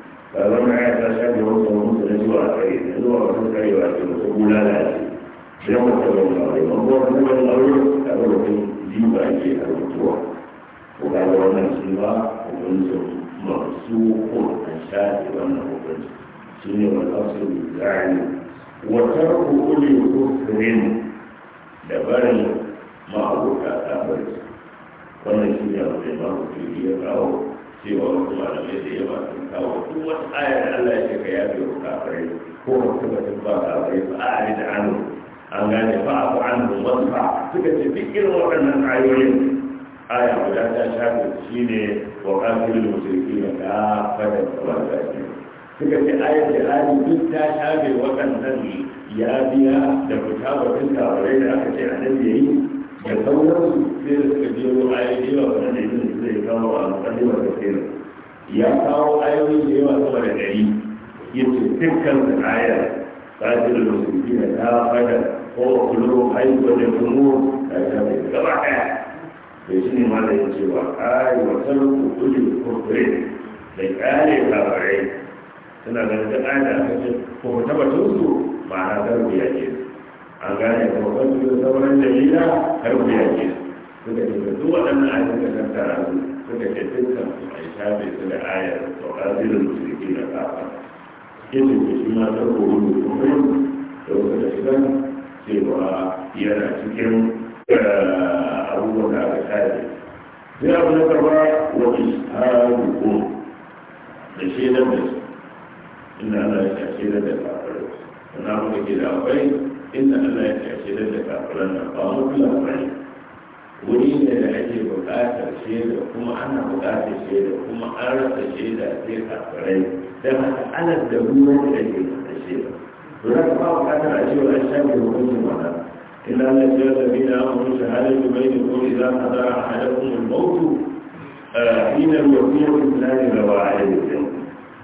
ba na ya ta sha da wasu mutu na zuwa kai na zuwa wasu kai wa ce wasu gula da ce don wata wani aure ba ko wani wani aure a ga wata jiba ke a rubutuwa ko ga wannan shi ba ko wani su masu ko an sha da wannan hukunci shi ne wani asu zani wata hukuli firin da barin ma'abuta ta bari wannan shi ne wani ma'abuta ya kawo cewa wasu malamai da yawa sun kawo duk wata ayar Allah ya shiga ya biyo kafirai ko wasu mutum ba kafirai ba a yi da anu an gane ba a an da wasu ba suka ce duk irin waɗannan ayoyin aya guda ta shafi shi ne wa kafin musulki na kafarar kamar zafi suka ce ayar da ali duk ta shafe waɗannan ya biya da fita wajen kafirai da aka ce annabi ya yi da sauransu sai da suka biyo ayoyi da yawa wanda ibn zai kawo a mukaddimar tafsirin ya kawo ayoyi da yawa sama da ɗari yace dukkan ayar da al-muslimin ta fada ko kullu haythu al-umur ta fada gaba ɗaya to shi ne malai ya ce wa ai wa tarku kullu kufri da kare kafirai suna ganin da ayar da aka ce ko tabbatun su ma'ana tarbiya ce a gane kuma ko kan su da sauran dalila har ku yake suka ce duk waɗannan ayyukan da kan tara su suka ce dukkan su a shafe su da ayar tsorazirin musulki da ke da kafa kisu ke shi ma ta koyi musulmi da wasu da shiga cewa yana cikin eh, abubuwan da aka shafe sai abu na gaba wa isharukum da shi na mai inda ana shashe da da kafar wani abu da ke da akwai inda Allah ya kashe da kafiran nan ba mu kula ba ne wuri ne da ake buƙatar shaida kuma ana buƙatar shaida kuma an rasa shaida sai kafirai don haka ana da ruwa da ake buƙatar shaida don haka ba buƙatar a cewa an shafe hukuncin wannan إلا الذين الذين أمروا شهادة بينكم إذا حضر أحدكم الموت حين الوفية في الثاني رواعي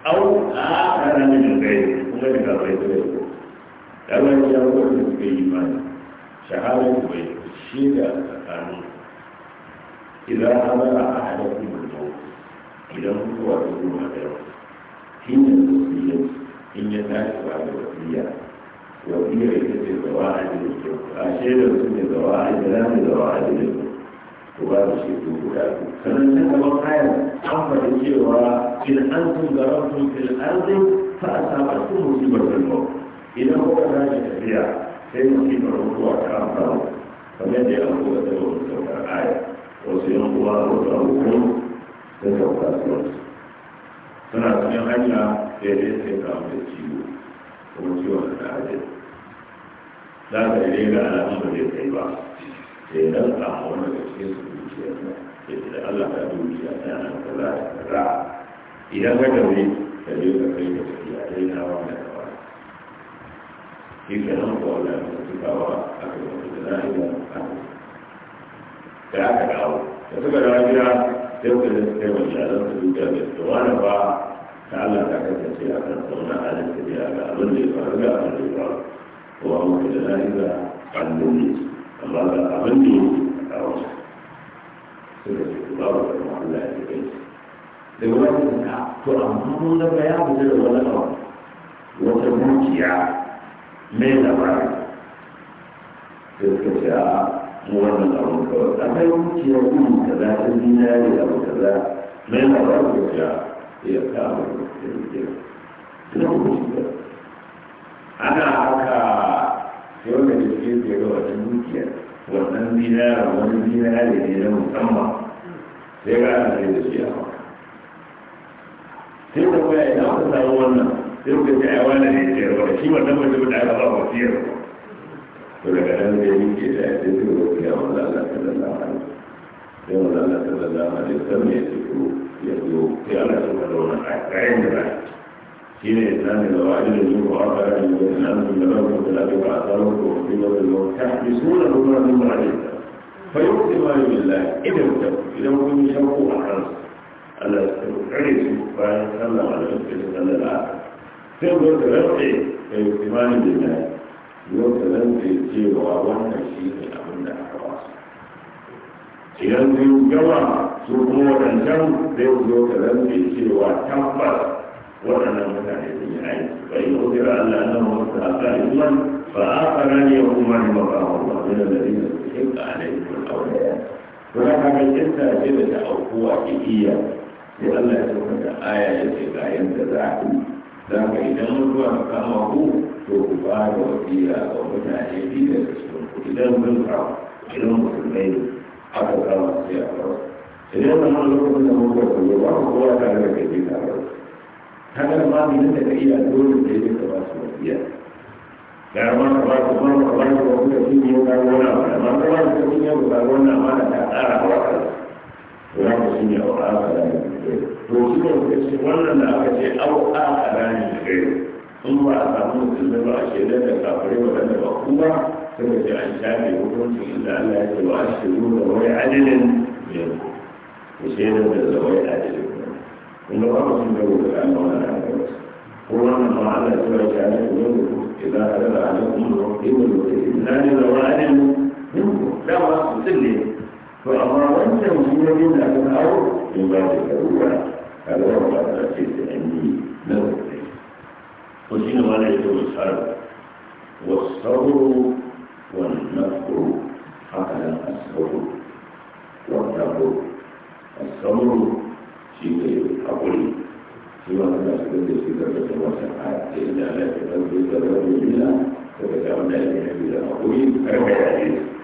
أو آخر من البيت ومن البيت yawan yawon da suka yi imani shahadar kuwai shi da tsakanin idan hamara a hadafin mutum idan kuwa ta zuwa da yawa shi ne wasiyya in ya tashi ba da wasu wasiyya ita ce zawa a jirgin kyau a shaidar su ne zawa a jira ne zawa a jirgin to ba da shi su guda sannan ta gaban kayan an faɗi cewa in an sun garan sun fil arzi fa a samar sun musibar da mawuka idan kuka tashi tafiya sai musibar mutuwa ta amfani kamar da yan kuka da wasu saukar aya wasu yan kuwa wasu abubuwan da saukar wasu suna cikin hanya sai dai sai kawo da ciwo kuma ciwon da hajji za ka yi ga alamun da zai kai ba sai dan samu wani da cikin su zuciya ta sai da Allah ta zuciya ta yana kaza da kaza idan ka tafi ka je ka kai da tafiya dai da wannan كيف نقول الكتاب أكبر da aka dawo da suka dawo gida sai suka da suka yi wa iyalan su duka da su wani ba ta Allah ta kasance a kan sauna a da su biya ga abin da ya faru ga abin da ya faru ko a mutu da lafiya kallon ne amma ga abin da ya a wasu suka ce ba ba da Allah ya kai daga wani ta to amma mun da ya fita da wani abu wata dukiya mai labari sai suka ce a mu wannan abin kawai a kai kuciyar gudu ka za ta zinari abu ka mai labari ka ce iya kama da kuke da kuke ana haka sai wanda ke cikin ke ga wata dukiya wannan zinari wani zinari ne na musamman sai ga ana sai da shi a haka sai da kuma ina kusa wannan sai kuka ce ai wani ne ce rawa shi wannan mutum da aka ba wasiyar to daga nan da yake da ya ce ko ya wanda Allah sallallahu alaihi sai wanda Allah sallallahu alaihi wasallam ya ce ko ya zo ya Allah sallallahu alaihi wasallam ga yin da shi ne islamin da wa'adin da zuwa a ƙarar da wani nan da rabu da lafi ba a tsarin da fi da wani mawuta bi suna da kuma sun ba da ita fa yi wuce ma idan ta idan kun yi shakku a nan, Allah ya tsare su bayan sallah a sai zo ka rantse ka yi imanin da ya yi zo ka rantse cewa wannan shi ne abin da aka ba su idan zai yawa su kuma waɗancan zai zo ka rantse cewa tabbas waɗannan mutane sun yi aiki bai yi kira Allah na mawasa a ƙa'ilman ba a ƙara ne ya kuma ne maka hawa ba da da rina su yi ka alaihi wa aure to na kaga kinta ce da ta aukuwa ke iya sai Allah ya sauka da aya ya ce ga yadda za a yi da ka idan mutuwa ta kama ku to ku ba da wakila ga mutane biyu da cikin idan mun kawo idan mutum ne aka kama sai a kawo idan zama lokacin da mutuwa ta zo ba ku kowa tare da kai ta kawo kaga ma da ka iya dole da ya ka ba su wasiya da ma ka ba ku ba ka ba ku wani da shi ne ka gona ba da ma ka ba ku da shi ne gona ma da ta tsara wa ka ba ku shi ne wa jumhur ka ce wannan da aka ce au a karani da gairu in ba a samu musulmi ba a ce da da kafirai waɗanda ba kuma sai ce an shafe hukuncin inda Allah ya ce wa ashiru da wai adilin yanzu ku shaidar da zawai adilin kuma ba mutum da gobe da Allah wani da ko wannan ma Allah ya ce wa shaidar da yanzu idan ka da alaikun da wani da idan ne da wani adilin yanzu dama mutum ne to amma wancan shi ne da aka kawo in ba da karuwa karuwar ba ta ce da an yi na rufe ko shi ne wani ya ce wa tsaro wa tsaro wa nafko haka nan a tsaro wa nafko a tsaro shi ne haƙuri shi ma suna shigar da shi zarga da wata a ɗaya da alaƙa da zai zarga da wani da daga wanda ya ke haƙuri karfa ya ce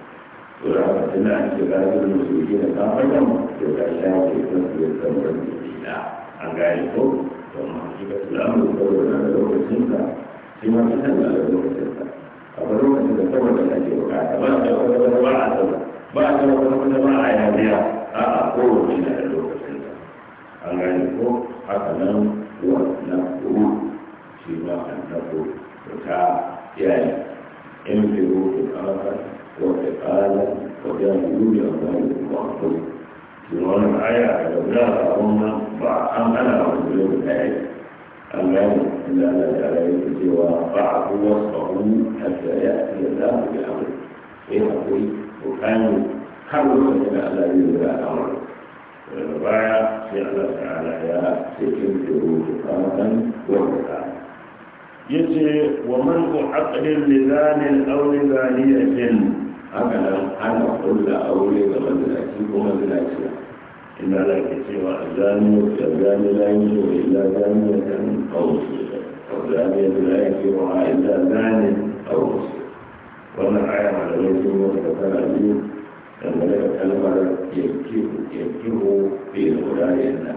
surah tana shiga da musulmi da kafaran to ta ke kan su yadda wani da an gane ko to ma shi ka tulamu saboda na lokacin ka shi ma shi tana da lokacin ka a ba lokacin da saboda na ke bukata ba da wata wata ba a sama ba da wata wata ba a yariya a a wani na da lokacin ka an gane ko haka nan wa na kuru shi ma an tabo ta yayi in fi ruhu a وتعالى وجاهدوا لأولئك المعصوم سنوان آية لولا هم أنا على رجل الآية أما إن أنا تعالى يجزي وقعه وصفه حتى يأتي الله بأمره إيه أقول وكانوا كانوا سجل على يولى أمر والرباية في الله تعالى يا سجن جروح قامة وقعه ya ce wa man mu'aqqidin li zanin aw li zaniyatin haka nan ana kulla aure ga mazalaci ko mazalaci ina da ke cewa azani da zani la yi wa illa zani da kan aw zani da la yi wa illa zani aw wannan aya malamai sun yi wata kala biyu dangane da kalmar yankihu yankihu bai da wurare na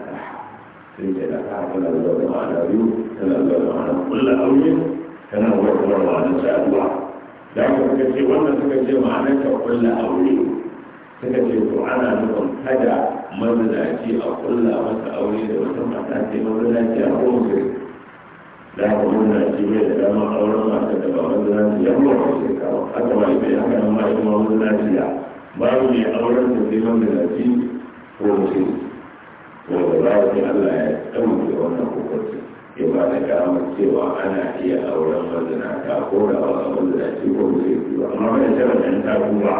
sai da na kafa na zama ma'ana biyu tana zama a kulla aure tana warwar wani saduwa da kuma ce wannan suka ce ma'anar ta kulla aure suka ce to ana nufin kada mazalaci a kulla masa aure da wata mata ce mazalaci a kowace da kuma aka mazalaci bai da dama auren mata da ba mazalaci ya ba wasu kawo haka ma ibe haka nan ma ita ma mazalaci ya babu mai auren da sai mazalaci ko ce to da za a ce Allah ya ɗauke wannan hukunci ya ba da karamar cewa ana iya auren mazina ta kora wa wanda mazina shi ko da yake ba amma bai ta wannan ta kuma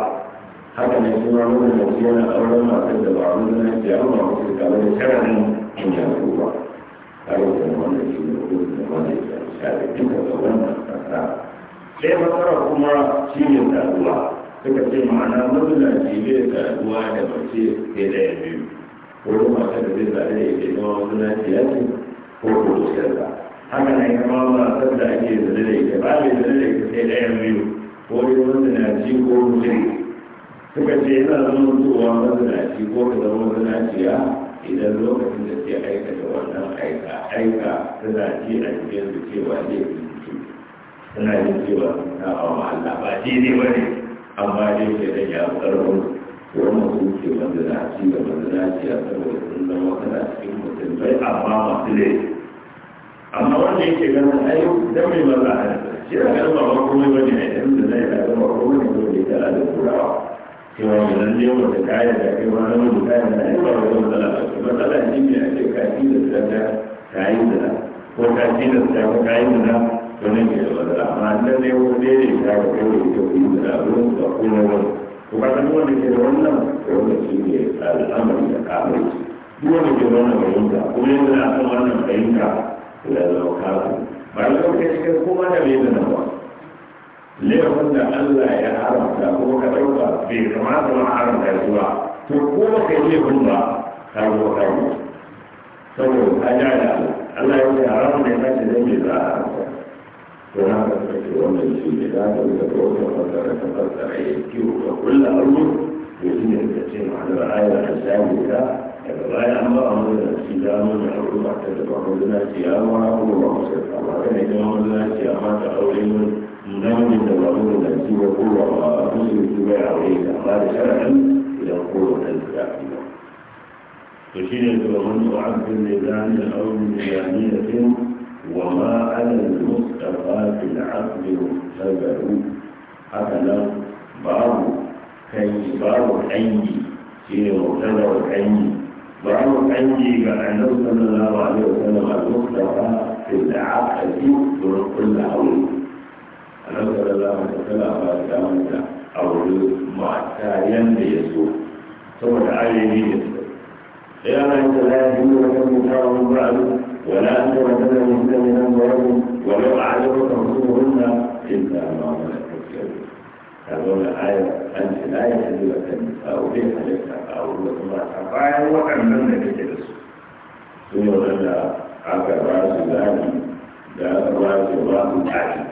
haka ne kuma wani da ke yana auren masu da ba mazina ce amma ba su kawai da sharanin in ya kuma kare da wani shi ne ko da wani ya shafe duka da wannan kasa sai matsara kuma shi ne saduwa suka ce ma'ana mazina ce bai saduwa da mace ke da ya wani ko da mata da zai zaɗe ya ke zama mazina ce ya ce ko ko shirka haka ne kama ba san da ake zane da ita ba mai da ita sai ɗayan biyu ko dai wanda na ci ko mutum suka ce yana zama zuwa wanda na ci ko ka zama wanda na ciya idan lokacin da ke aikata wannan aika aika na ci a cikin su cewa ne suna yin cewa na awa Allah ba daidai ba ne amma dai ke da ya ƙarfin to hukunci wanda na ci da wanda na ci a saboda sun zama kana cikin mutum bai amma masu ne amma wanda yake ganin ayo dan mai maza a shi da ganin ba ma komai a yanzu da yi da ba komai ne dole ta da ne kaya da kai ma na wanda kaya da ba da matsala ba shi ne a ce da tsaka kayi da ko kaji da tsaka kayi da to ne da matsala amma ne ne ya kai da kai da da kuma wani to ba duk wanda ke da wannan to wanda shi ne al'amari da kamar duk wanda ke da wannan fahimta kuma yanzu na san wannan fahimta da ya zama kafin ba da kai shi kuma da bai da nan ba laifin da Allah ya haramta kuma ka ɗauka bai kamata ma haramta shi ba to ko ba yi laifin ba ka zo kai saboda ka ja da Allah Allah ya ce haramun da ya sace zai bai za a haramta فهذا تكتبون الجيدات وتكتبون فترة ترعيتي وكل أمر يجب أن تتم على الرعاية الحسابية الرعاية أمر أمر السلام والعروض حتى تبقى لنا سيامة والله سبحانه وتعالى كما لنا سيامة أولين نعم الضرور التي يقول رسل اتباع عليه الأخبار شرعا إلى قوة الكافرة وشيء يتوهم عبد الميزان أو من ميزانية وما على المصطفى في العقل مختبر أفلا بعض كي بعض عندي في مختبر عندي باب عندي كأنه صلى الله عليه وسلم المصطفى في العقل دون كل أنا صلى الله عليه وسلم قال أولو معتايا ليسوع ثم تعالى يجي يا من تلاهي وكم تعلم بعد ولا أن تبدل مهتمنا ورجل ولو أعجبك حصولهن إلا ما ملكت يمينك هذول الآية أنت لا يحل لك أو ليس لك أو لك ما تفعل وأمن لك جلس ثم ظل عقل راس الآن لا راس راس الآن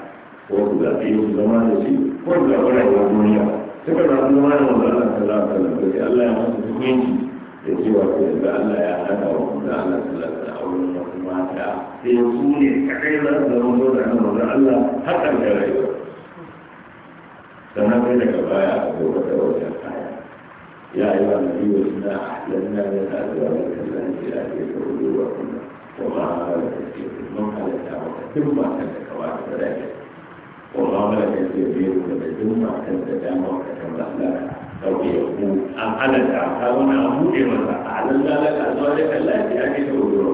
وكذا في زمان يسير وكذا ولا هو الدنيا سكر الزمان وظل الله صلى الله عليه وسلم الله يمسك منك da cewa ta yanzu Allah ya hada wa kuma Allah sallallahu a wurin wasu mata sai su ne kaɗai za su zama zo da nan wajen Allah har ƙarshen rayuwa sannan kai daga baya a gobe da wajen kaya ya yi wa nabi wa suna lanna ne na zuwa da kallon jira ke da wuri wa kuma wa ma da ke mun halatta wa duk matan da kawa da sadaka wa ma da ke biyu da duk matan da dama wa kasan da Allah sauke ku an halatta ka wani an buɗe masa a lallala ka zuwa da kalla ya ake sauro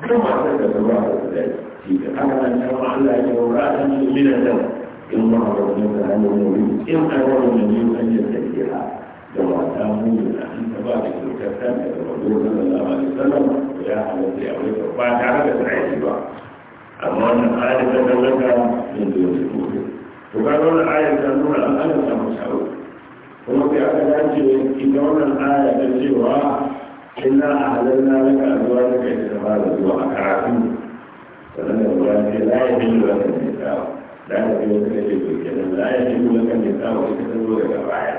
kan masu da zuwa da su da shi da haka nan ta ma Allah ya wura a cikin su da in ma a wajen da hannun wuri in a wajen da biyu kan yin tafiya da mutu an taba da kyautar da zama zuwa da zama da sallama ya halatta ya wuri ba tare da tsaraki ba amma wannan ayar da zaka yin da wasu kuma to kaga wannan nuna an halatta musawu kuma sai aka dace ita wannan aya ta cewa inna ahlalna na azwajaka istafa da zuwa a karatun sannan da wani ce la ya bin laka ne tsawa da ka ce wata kace to kenan la ya bin laka ne tsawa ita ta zo daga baya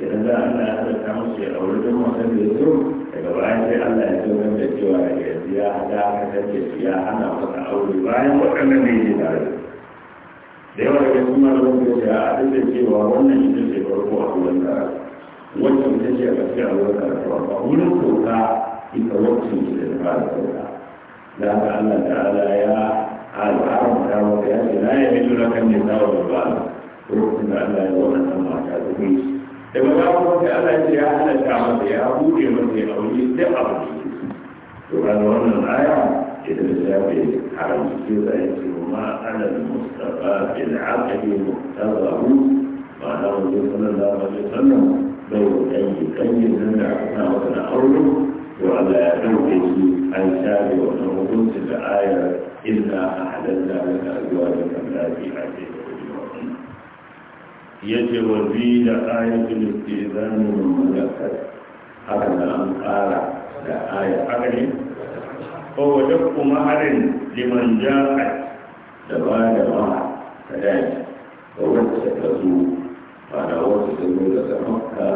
idan za Allah ya tsarka musu ya aure duk matan da ya daga baya sai Allah ya zo da cewa da yanzu ya hada ka kace ya hana masa aure bayan waɗannan ne ya tare da yawa daga cikin da da ce a abin da cewa wannan ita ce farko a wurin da wannan ta ce a gaske a wurin da ba wurin kuka ita wacce ce da fara sauka da haka Allah ta'ala ya al'arta wa ya ce Na ya bidu na kan nisa wa babba lokacin da Allah ya wani wannan mata da ba daga babu wata Allah ce ya halatta masa ya buɗe masa ya aure duk abu da ke to da wannan aya إذا الزاوية حرم السيرة ما على المصطفى في العقل مقتضاه الله صلى الله عليه وسلم بين أي كي ننعنا ونأرضه وعلى ذوقه أن تابع ونوضت الآية إلا أحللنا لك أزواجك التي أتيت يجب وفي آية الاستئذان من ملكك هذا أن قال لا آية أغني فهو دفع مهر لمن جاءت دبا ba كذلك wata ta فانا وجه تزور لتمكة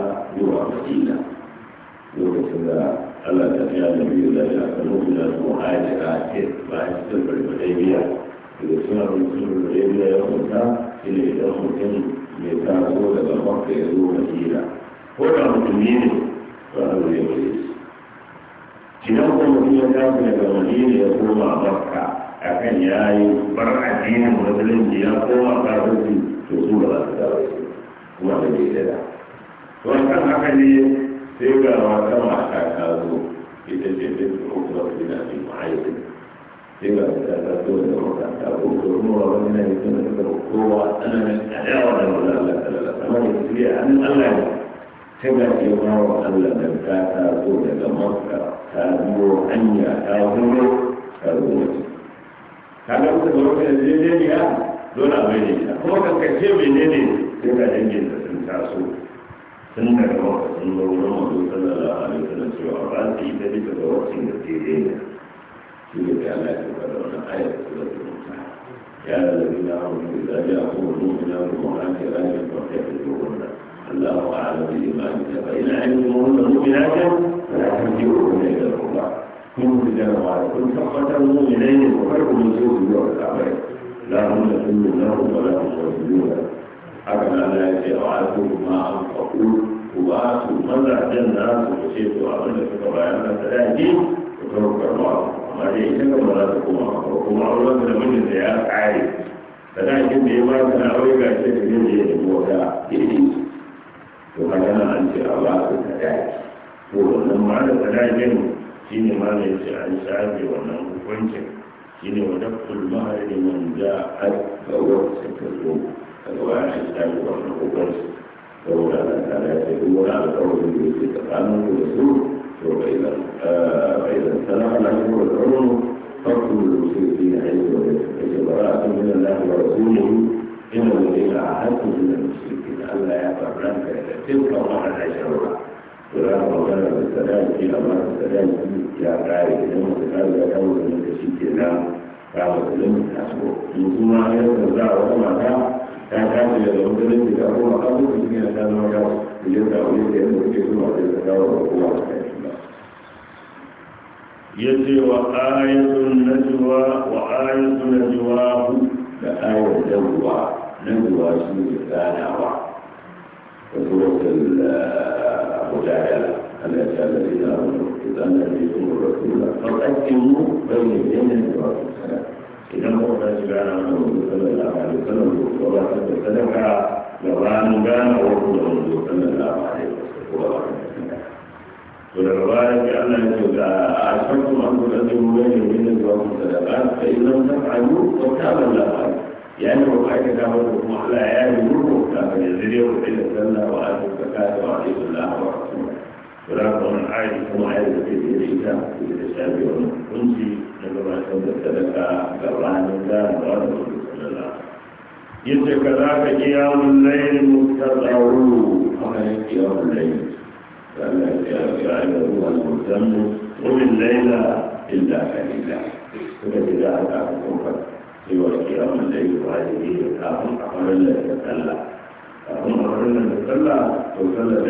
يوى مدينة lokacin da Allah ta fiya da biyu da ya kanu da su hajji a ke bayan sulbar da suna sulbar Madabiya ya kunta shi ne idan mutum mai taso daga Makka ya zo Madina ko da mutum ne ba a idan kuma mutum ya tafi daga madina ya koma makka akan ya yi bar addinin musulunci ya koma kafirci to su ba za su dawo kuma da bai dada wannan haka ne sai ga wata mata ta zo ita ce ta kuma ba su na cin ma'aikin sai ga ta ta zo da wata ta ko kuma wani na yi suna da kowa tsananin adawa da wani Allah ta lalata mana su yi hannun Allah ne sai ga ce ma wa Allah da ta ta zo daga makka ko hanya ta hudu ta rubuta kaga muka zo ka yarjejeniya dole a bai ne ko kan kace menene sai ka dangin da sun taso sun daga lokacin da wurin mazo sallallahu alaihi wasallam cewa ba su yi ta duka ga wacin da ke daina shi ne ta Allah ya bada wannan ayar da ta rubuta ya da labina wa da ya ko mu ina mu ma ake rayuwa ta ta rubuta الله أعلم بإيمانك فإن علمهن مؤمنات فلا ترجعوهن إلى الكفار هم رجال وعليكم فقتلوا مؤمنين وفرقوا من سوء اليوم الكعبين لا هم يحلون لهم ولا هم يرجعون هكذا لا يجعلكم ما أنفقوا وآتوا من أعجل الناس وشيخوا عمل في طبعنا ثلاثين وترك الله وما جئتكم ولا تقوم أخبركم أولا من الزيارة عالي فلا يجب إيمانك أو يجب أن تجد إيمانك to ka gana an ce a ba ka kadai to wannan ma'ana kadai ne shi ne ma ne ce an shafe wannan hukuncin shi ne wadda kulma da man ja har ga wata ta zo a gaba ya shi shafe wannan hukuncin saboda Allah ta ya ce duk wani alƙawarin da yake tsakanin ku da su to bai zan bai zan sana'a na shi wa tsaro فاكتب المشركين حيث وجدتم فجبراء من الله ورسوله إنه إلى عهدتم من المشركين Allah ya faɗa ka da dukkan waɗannan sharuɗa kula da magana da sadaki amma da sadaki ya ƙare idan mutu ta ga ta wuce da shi ke nan ta wuce da ta so in kuma yau da za a wata mata ta tashi daga mutunci da kuma abubuwan da ke ta zama yau idan ta wuce da yadda kuke zuwa da ta dawo da kowa ta yi ya ce wa ayatun najuwa wa ayatun najuwa da ayatun najuwa najuwa shi ne ganawa وطرق المجادلة التي الذين آمنوا إذا نبيتم الرسول فقدموا بين الجنة والسلام إذا مرنا سبحانه وتعالى صلى الله عليه وسلم ولا تتسلم لغان كان الله صلى الله عليه وسلم ولغاية أن إذا أشركتم أن تقدموا بين الجنة والسلام فإن لم تفعلوا فكان الله عليكم يعني هو حاجة دعوة محلى يعني يروح كما يزيده إلى السنة وآت الزكاة وعليه الله ورحمه ولكن من عائد كما عائد في الإنسان في الإسلام والأنسي لما كنت تلك كرهان الله ورحمه صلى الله يجي كذاك قيام الليل مستدعون هذا قيام الليل فأنا قيام هو المهتم ومن ليلة إلا كليلة فإذا أتاكم فكر cewa a farilla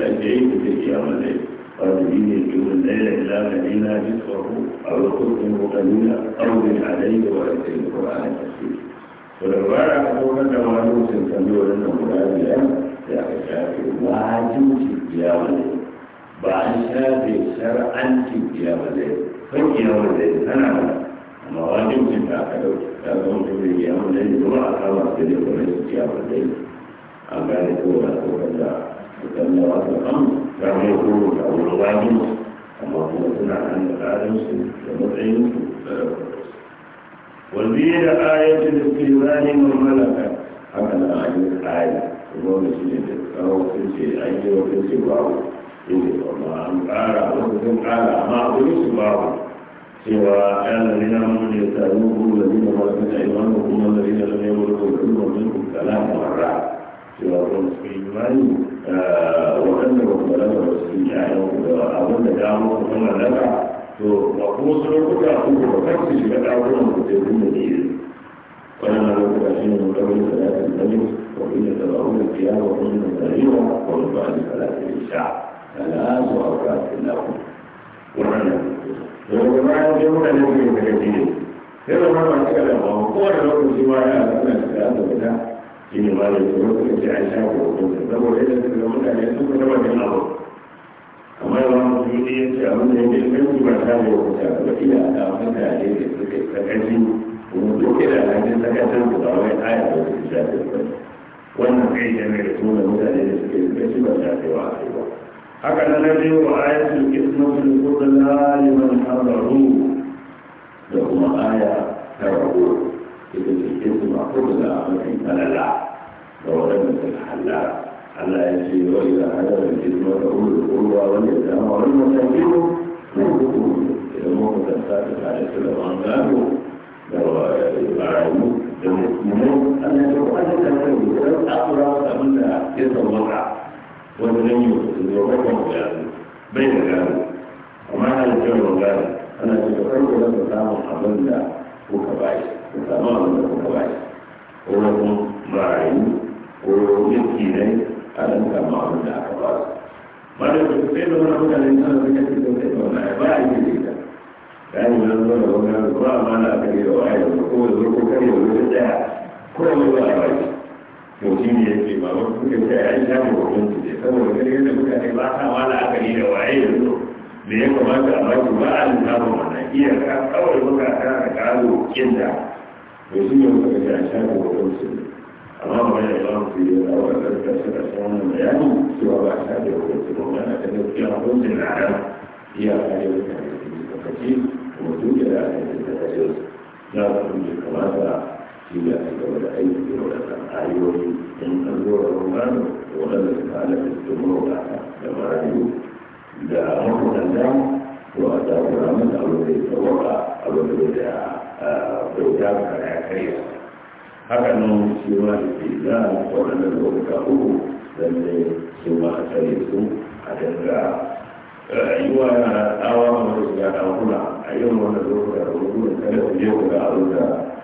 a ne kiyamun da yi da ila da dina bi tsoro a rukunin a shafe wajibci kiyamun ba an shafe shar'ancin kiyamun da yi amma wajibcin da aka dauke ta zama mutum da ya mun dai zuwa a kama su da kuma su ciya ba dai an gane ko da ko da idan da wasu kan ga mai ko da wani wajibci amma kuma suna nan da tsarin su da matsayin su da والبيد آية الاستيمان والملكة حمل عن الآية وهو مسجد أو كرسي أي وكرسي واو إن الله أم قال وكرسي قال ما أريد واو cewa ƙalar yana mun ne ta ruhu da zina malaka ta imanu kuma da zina da ne wani kokarin wajen kala kuma cewa kuma su imani waɗanda ba kuma lafa ba su yi ƴaƴan da abin da dama ku kuma lafa to ba kuma su lokuta ku ba kan su shiga ɗakunan ku sai kuma ne wannan na lokuta shi ne mutane da ya fi zane wa inda ta ba'u da kiyama wa inda ta riwa wa wani ba'u da kala ta isha ala su a wakafin lafa wannan na lokuta daga bayan sai muka ne ke daga jini sai da mara masu kada ba kowane lokaci ma ya zama da ta da wata shi ne ba da su wasu ce an sha ko kuma ne yadda suka mutane sun kuma zama da abu kamar ma mutum ne ya ce abin da yake kan ba ta ne ko ta ba ila da mutane da suka sakaci kuma duk da alhakin sakacin su ba wai aya da su sha da wannan kai da da tsoron mutane da suke sakaci ba ta kai a kai ba haka na nabi wa ayatul ismatul qudla liman hadaru da kuma aya ta rabu ita ce isma qudla mafi talala da wadanda suka halala Allah ya ce wa idza hadara al-isma fa ulul qurba wal yatama wal masakin nuhukum idan muka tsaka da tare da wangaro da barayu da mutumin Allah ya ce wa hadara al-isma fa ulul qurba wal yatama wal masakin nuhukum wajen yi ne wakon gano bai da gano amma na da kyau gano ana ce da farko na ka samu abin da kuka bayi ka samu abin da kuka bayi ko wajen marayu ko yanki ne a nan kama abin da aka ba su ba su sai da wani mutane sana zai ce da sai da ba a yi da ita gani na zuwa da wani ba ma na kare da waye da kowa zuwa kare da wani daya ba a mutum yake ba wani kuka ce ya yi shafi wajen su ne saboda kan yadda mutane ba sa ma la'akari da waye yanzu da ya kamata a baki ba a lissafin wannan iyaka kawai muka kara karo kinda to shi ne muka ce a shafi wajen su ne amma ba ya ba su yi da wa karka suka samu bayani cewa ba a shafi wajen su ba wani ta gaskiya wajen na nan iyaka ne mutane su ne suka da aka yi da ta ce na kuma kamata shi ne a gaba da aiki da wadanda ayoyi da su mura da marayu da mahukunta to a jagora mata abin da ya tsawaka abin da ya bauta ka ya haka nan shi ma da ke za a wadanda lokuta uku lalle su a a kada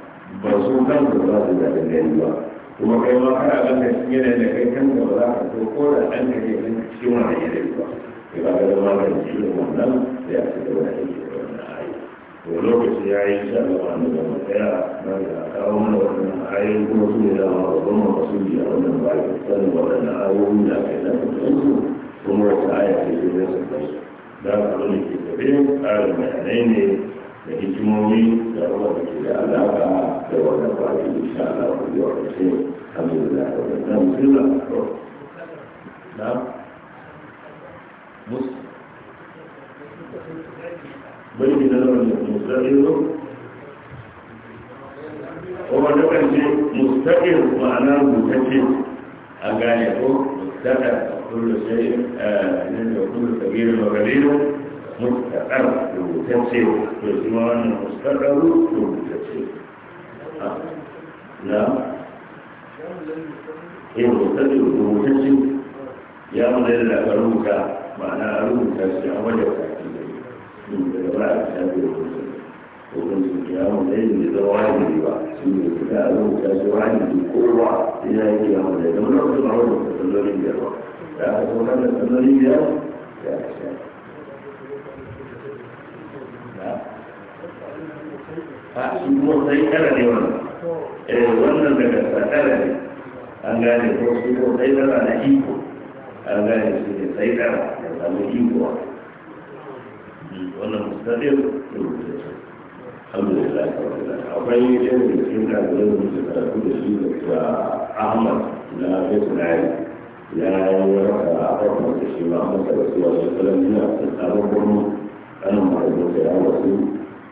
ba su kan da za su zaɓi gani ba kuma kai ma kana ɗan da shi yanayin da kai kan da ba za ka so ko da ɗan ka ke ɗan ka ciwon a yanayi ba sai ba ga zama da ciwon wannan sai a ci gaba da aiki da wannan ayi to lokaci ya yi sha gaba da zama tsaya na da kawo mana wannan ayoyi kuma su ne dama babban masu biya wannan bayan sanin waɗannan ayoyi da kai na su kuma wata aya ce da su kai da abin da ke tafiya tsarin bayanai ne da hikimomi da kuma da ke da alaƙa da wannan baki insha Allah ku yi wa kace alhamdulillah da wannan musulma na mus bari da nan da musulmi kuma da kan ce mustaqil ma'ana mutace a gane ko mustaqil kullu shay'in eh, ne da kullu kabirin wa mustaqar rubutacce to shi ma wannan mustaqar rubutacce ah, na eh mustaqar rubutacce ya mu da da rubuta ma'ana a rubuta shi a wajen kafin da shi daga ba a shafi rubutu ko kun ji ya mu da yin da wani ba shi ne da rubuta shi wani kowa ya yi ya mu da da wannan ba wannan da da da da da da da da da da a su kuma sai kala ne wannan eh wannan daga sakala ne an gane ko su sai kala na iko an gane su ne sai kala ya samu iko wannan mustaqil to alhamdulillah akwai yin da cikin kasuwar da su karatu da shi da ahmad na fesnari ya yi raka a farkon da shi ma'amata da su wasu kalan yana da tsarin gwamnati ana ma'aikata ya wasu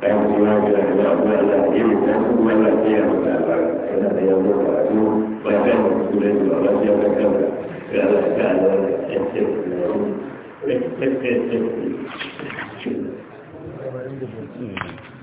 ɗan kuma ga da abuwa da irin ɗan kuma na fiye da ta ba yana da yanzu karatu ba ta yi su da yi ba ba ta yi ba ta ba ya da ta da ake Thank you.